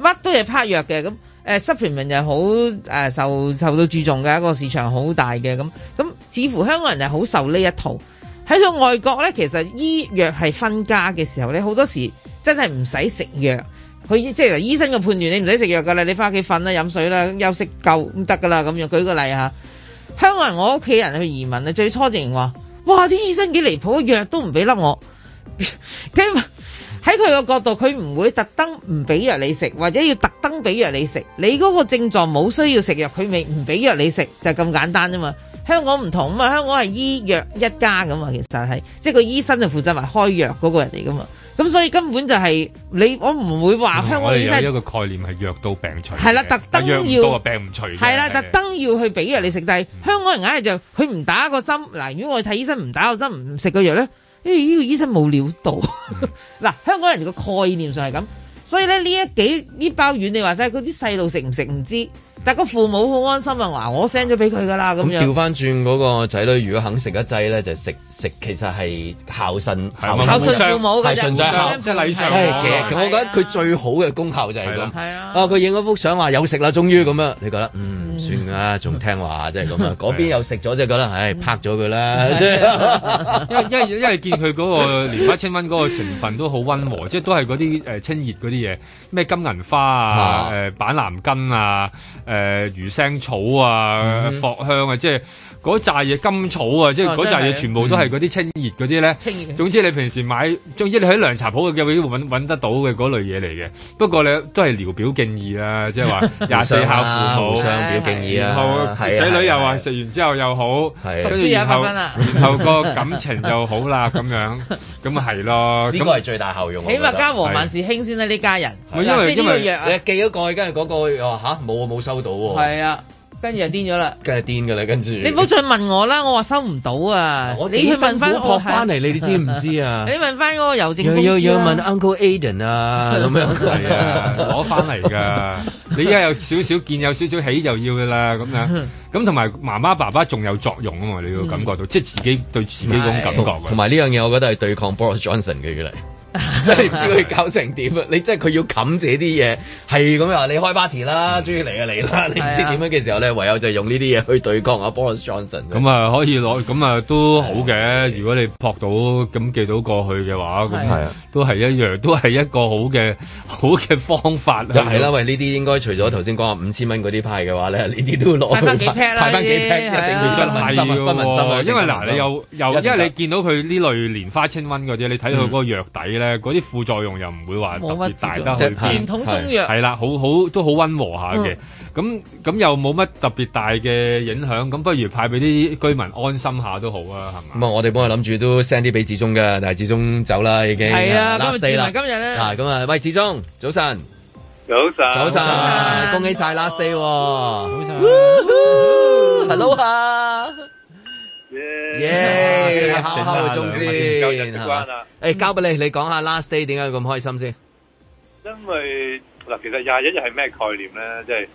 乜都係拍藥嘅。咁誒，supplement 又好誒，受受到注重嘅一個市場好大嘅。咁咁，似乎香港人係好受呢一套。喺到外國咧，其實醫藥係分家嘅時候咧，好多時真係唔使食藥。佢即係醫生嘅判斷，你唔使食藥㗎啦，你返屋企瞓啦，飲水啦，休息夠咁得㗎啦。咁樣舉個例下，香港人，我屋企人去移民啊，最初就話：哇，啲醫生幾離譜，藥都唔俾甩我。 喺佢個角度，佢唔會特登唔俾藥你食，或者要特登俾藥你食。你嗰個症狀冇需要食藥，佢未唔俾藥你食就咁、是、簡單啫嘛。香港唔同，咁啊香港係醫藥一家咁啊，其實係即係個醫生就負責埋開藥嗰個人嚟噶嘛。咁所以根本就係、是、你我唔會話香港醫生、嗯、我有一個概念係藥到病除，係啦，特登要藥到病唔除，係啦，特登要去俾藥你食的。但係香港人硬係就佢唔打個針，嗱，如果我去睇醫生唔打個針，唔食個藥咧。為呢、哎，這個醫生冇料到，嗱， 香港人嘅概念上係咁，所以咧呢一幾呢包丸，你話真係嗰啲細路食唔食唔知。但個父母好安心啊！話我 send 咗俾佢噶啦，咁樣。調翻轉嗰個仔女，如果肯食一劑咧，就食食，其實係孝順孝順父母嘅，係純粹孝，即係禮上。我覺得佢最好嘅功效就係咁。哦，佢影咗幅相話有食啦，終於咁樣。你覺得？嗯，算啦仲聽話，即係咁啊。嗰邊有食咗，即係覺得，唉，拍咗佢啦。因為因為因為見佢嗰個蓮花清瘟嗰個成分都好温和，即係都係嗰啲誒清熱嗰啲嘢，咩金銀花啊，誒板藍根啊。誒、呃、魚腥草啊，藿香啊，即係。嗰扎嘢甘草啊，即係嗰扎嘢全部都係嗰啲清熱嗰啲咧。清熱。總之你平時買，總之你喺涼茶鋪嘅，有啲會搵得到嘅嗰類嘢嚟嘅。不過你都係聊表敬意啦，即係話廿四孝父母，相表敬意啊。好，仔女又話食完之後又好，讀書又加分啦，然後個感情又好啦，咁樣，咁係咯。呢個係最大效用，起碼家和萬事興先啦呢家人。唔因為因為藥你寄咗過去，跟住嗰個又話嚇冇冇收到喎。係啊。跟住就癲咗啦，梗係癲㗎啦，跟住你唔好再問我啦，我話收唔到啊！ 你去問翻我翻嚟，你哋知唔知啊？你問翻嗰個郵政公司要，要要問 Uncle Aiden 啊，咁樣係啊，攞翻嚟噶。 你依家有少少見，有少少起就要噶啦，咁樣咁同埋媽媽爸爸仲有作用啊嘛，你要感覺到， 即係自己對自己種感覺是。同埋呢樣嘢，我覺得係對抗 Boris Johnson 嘅嚟。真係唔知佢搞成點啊！你真係佢要冚住啲嘢，係咁樣。你開 party 啦，終於嚟啊，嚟啦，你唔知點樣嘅時候咧，唯有就用呢啲嘢去對抗阿 Boris Johnson。咁啊，可以攞，咁啊都好嘅。如果你撲到咁寄到過去嘅話，咁都係一樣，都係一個好嘅好嘅方法。就係啦，喂，呢啲應該除咗頭先講話五千蚊嗰啲派嘅話咧，呢啲都攞派翻幾匹啦，翻一定唔得，心因為嗱，你有有因為你見到佢呢類蓮花清瘟嗰啲，你睇佢嗰個藥底。嗰啲副作用又唔會話特別大，大家食傳統中藥係啦，好好都好溫和下嘅，咁咁又冇乜特別大嘅影響，咁不如派俾啲居民安心下都好啊，係嘛？咁啊，我哋幫佢諗住都 send 啲俾志忠噶，但係志忠走啦，已經係啊，今日志文今日咧啊，咁啊，喂，志忠早晨，早晨，早晨，恭喜晒 last day，hello 啊！耶！敲敲個鐘先，係嘛？誒，交俾你，你講下 last day 點解咁開心先？因為嗱，其實廿一日係咩概念咧？即係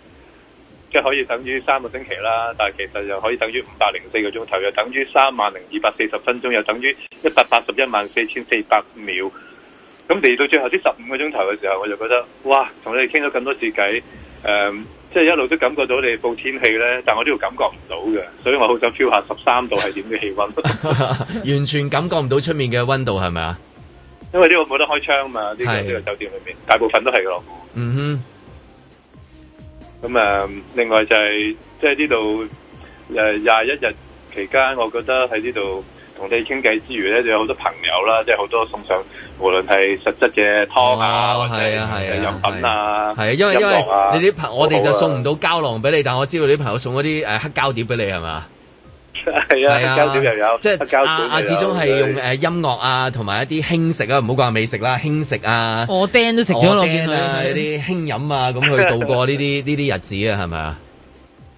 即係可以等於三個星期啦，但係其實又可以等於五百零四個鐘頭，又等於三萬零二百四十分鐘，又等於一百八十一萬四千四百秒。咁嚟到最後呢十五個鐘頭嘅時候，我就覺得哇，同你哋傾咗咁多次偈，誒。即係一路都感覺到你報天氣咧，但我呢度感覺唔到嘅，所以我好想 feel 下十三度係點嘅氣溫，完全感覺唔到出面嘅溫度係咪啊？因為呢個冇得開窗啊嘛，呢、呢個呢是個酒店裏面大部分都係嘅。嗯哼。咁誒，另外就係、是、即係呢度誒廿一日期間，我覺得喺呢度。同你傾偈之餘咧，就有好多朋友啦，即係好多送上，無論係實質嘅湯啊，啊，或者，飲品啊，係啊，因為因為你啲朋，我哋就送唔到膠囊俾你，但我知道你啲朋友送嗰啲誒黑膠碟俾你係嘛？係啊，黑膠碟又有，即係啊啊，始終係用誒音樂啊，同埋一啲輕食啊，唔好講美食啦，輕食啊，我叮都食咗啦，嗰啲輕飲啊，咁去度過呢啲呢啲日子啊，係咪啊？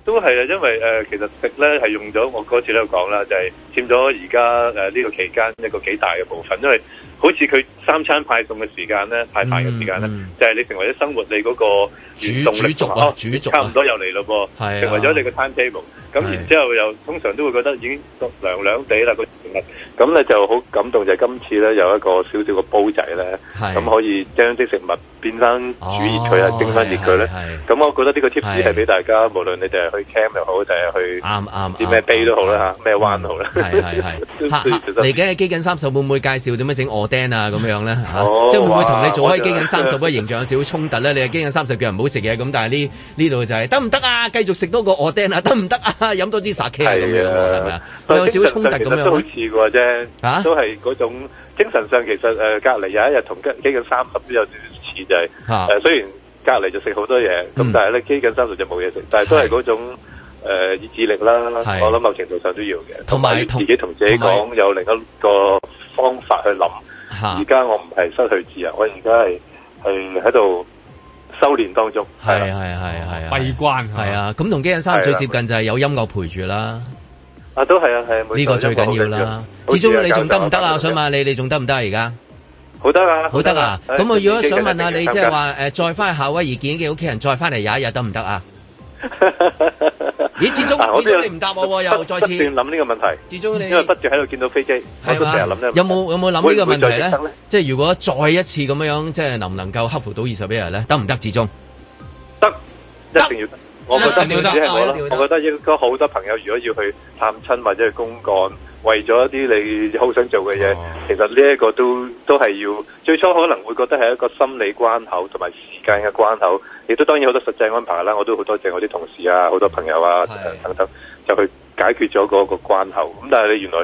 都係啊，因為誒其實食咧係用咗我嗰次喺度講啦，就係。佔咗而家呢個期間一個幾大嘅部分，因為好似佢三餐派送嘅時間咧，派飯嘅時間咧，就係你成為咗生活你嗰個主主族啊，主族差唔多又嚟咯噃，成為咗你個 time table。咁然之後又通常都會覺得已經涼涼地啦個食物，咁咧就好感動就係今次咧有一個少少個煲仔咧，咁可以將啲食物變翻煮熱佢啊，蒸翻熱佢咧。咁我覺得呢個 tips 係俾大家，無論你哋去 camp 又好，就係去啱啱啲咩 bay 都好啦，嚇咩彎好啦。係係係，嚟緊嘅基緊三十會唔會介紹點樣整 oden 啊？咁樣咧吓，即係會唔會同你做開基緊三十嘅形象有少少衝突咧？你係基緊三十叫人唔好食嘢，咁但係呢呢度就係得唔得啊？繼續食多個 oden 啊？得唔得啊？飲多啲 sake 咁樣係咪啊？有少少衝突咁樣，好似嘅啫，吓都係嗰種精神上其實誒，隔籬有一日同基基緊三十都有少少似就係誒，雖然隔籬就食好多嘢，咁但係咧基緊三十就冇嘢食，但係都係嗰種。誒意志力啦，我諗某程度上都要嘅，同埋自己同自己講有另一個方法去諗。而家我唔係失去自由，我而家係係喺度修練當中。係係係係閉關係啊！咁同機人三最接近就係有音樂陪住啦。啊，都係啊，係啊，呢個最緊要啦。始終你仲得唔得啊？我想問下你，你仲得唔得而家？好得啊！好得啊！咁我如果想問下你，即係話誒，再翻去夏威夷見嘅屋企人，再翻嚟有一日得唔得啊？咦，始終始終你唔答我，又再次不斷諗呢個問題。始終你不斷喺度見到飛機，係嘛？有冇有冇諗呢個問題咧？即係如果再一次咁樣樣，即係能唔能夠克服到二十一日咧？得唔得？始終得，一定要得。我覺得應該好多朋友如果要去探親或者去公幹，為咗一啲你好想做嘅嘢，其實呢一個都都係要最初可能會覺得係一個心理關口同埋時間嘅關口，亦都當然好多實際安排啦。我都好多謝我啲同事啊，好多朋友啊，是啊等等，就去解決咗嗰個關口。咁但係你原來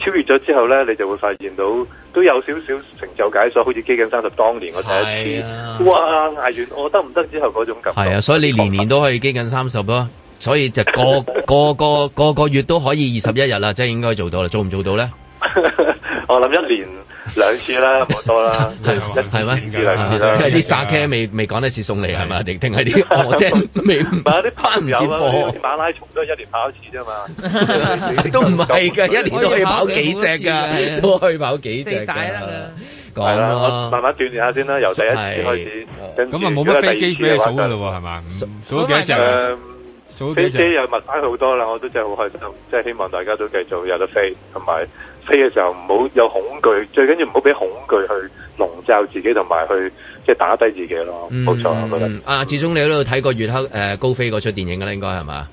超越咗之後呢，你就會發現到都有少少成就解鎖，好似基緊三十當年我第一次，是啊、哇！挨完我得唔得之後嗰種感覺，係啊，所以你年年都可以基緊三十咯。所以就個個個個個月都可以二十一日啦，即係應該做到啦，做唔做到咧？我諗一年兩次啦，冇錯啦，係係咩？係啲沙車未未講一次送嚟係咪？定定係啲我聽未？唔係啲跑唔止波，馬拉松都係一年跑一次啫嘛，都唔係噶，一年都可以跑幾隻噶，都可以跑幾隻噶。係啦，我慢慢鍛煉下先啦，由第一次開始。咁啊，冇乜飛機俾你數噶咯，係嘛？數幾隻？飛機有物晒好多啦，我都真係好開心，即係希望大家都繼續有得飛，同埋飛嘅時候唔好有恐懼，最緊要唔好俾恐懼去籠罩自己，同埋去即係打低自己咯。冇錯、嗯，我覺得。嗯、啊，始終你喺度睇過月黑誒、呃、高飛嗰出電影嘅咧，應該係嘛？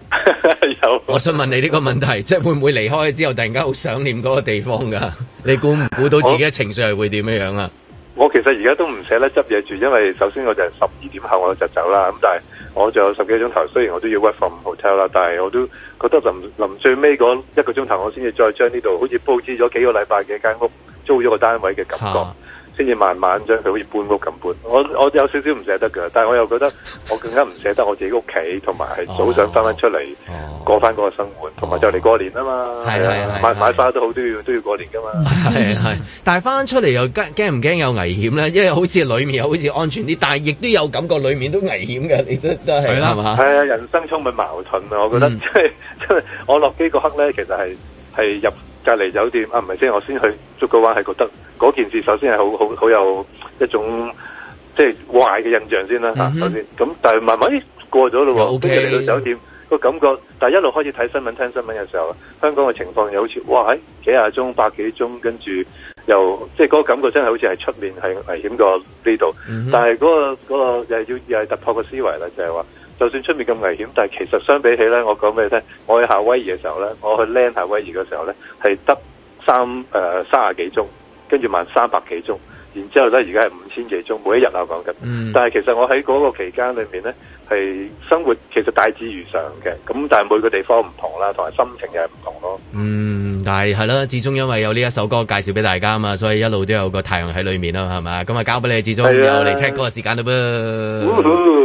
有。我想問你呢個問題，即係會唔會離開之後突然間好想念嗰個地方噶？ 你估唔估到自己嘅情緒係會點樣啊？我其實而家都唔捨得執嘢住，因為首先我就係十二點後我就走啦。咁但係。我仲有十幾個鐘頭，雖然我都要 work from hotel 啦，但係我都覺得臨臨最尾嗰一個鐘頭，我先至再將呢度好似佈置咗幾個禮拜嘅間屋租咗個單位嘅感覺。啊先至慢慢將佢好似搬屋咁搬，我我有少少唔捨得嘅，但係我又覺得我更加唔捨得我自己屋企，同埋係早上翻翻出嚟過翻嗰個生活，同埋就嚟過年啊嘛，係係買買花都好都要都要過年噶嘛，係係。但係翻出嚟又驚驚唔驚有危險咧？因為好似裏面又好似安全啲，但係亦都有感覺裏面都危險嘅，你都都係啦嘛？係啊，人生充滿矛盾啊！我覺得即係即係我落機嗰刻咧，其實係係入。隔離酒店啊，唔係先，我先去捉個話係覺得嗰件事首先係好好好有一種即係壞嘅印象先啦先咁，但係慢慢過過咗咯喎，今日嚟到酒店，個感覺，但係一路開始睇新聞，聽新聞嘅時候，香港嘅情況又好似哇喺幾廿鐘，百幾鐘，跟住又即係嗰個感覺真係好似係出面係危險過呢度，mm hmm. 但係嗰個，嗰個又係要又係突破個思維啦，就係話。就算出面咁危險，但係其實相比起咧，我講俾你聽，我去夏威夷嘅時候咧，我去 learn 夏威夷嘅時候咧，係得三誒、呃、三十幾宗，跟住萬三百幾宗，然之後咧，而家係五千幾宗，每一日啊講緊。嗯、但係其實我喺嗰個期間裏面咧，係生活其實大致如常嘅。咁但係每個地方唔同啦，同埋心情又係唔同咯。嗯，但係係啦，始終因為有呢一首歌介紹俾大家啊嘛，所以一路都有個太陽喺裏面啦，係嘛？咁啊，交俾你，始終有嚟的聽歌嘅時間咯噃。呼呼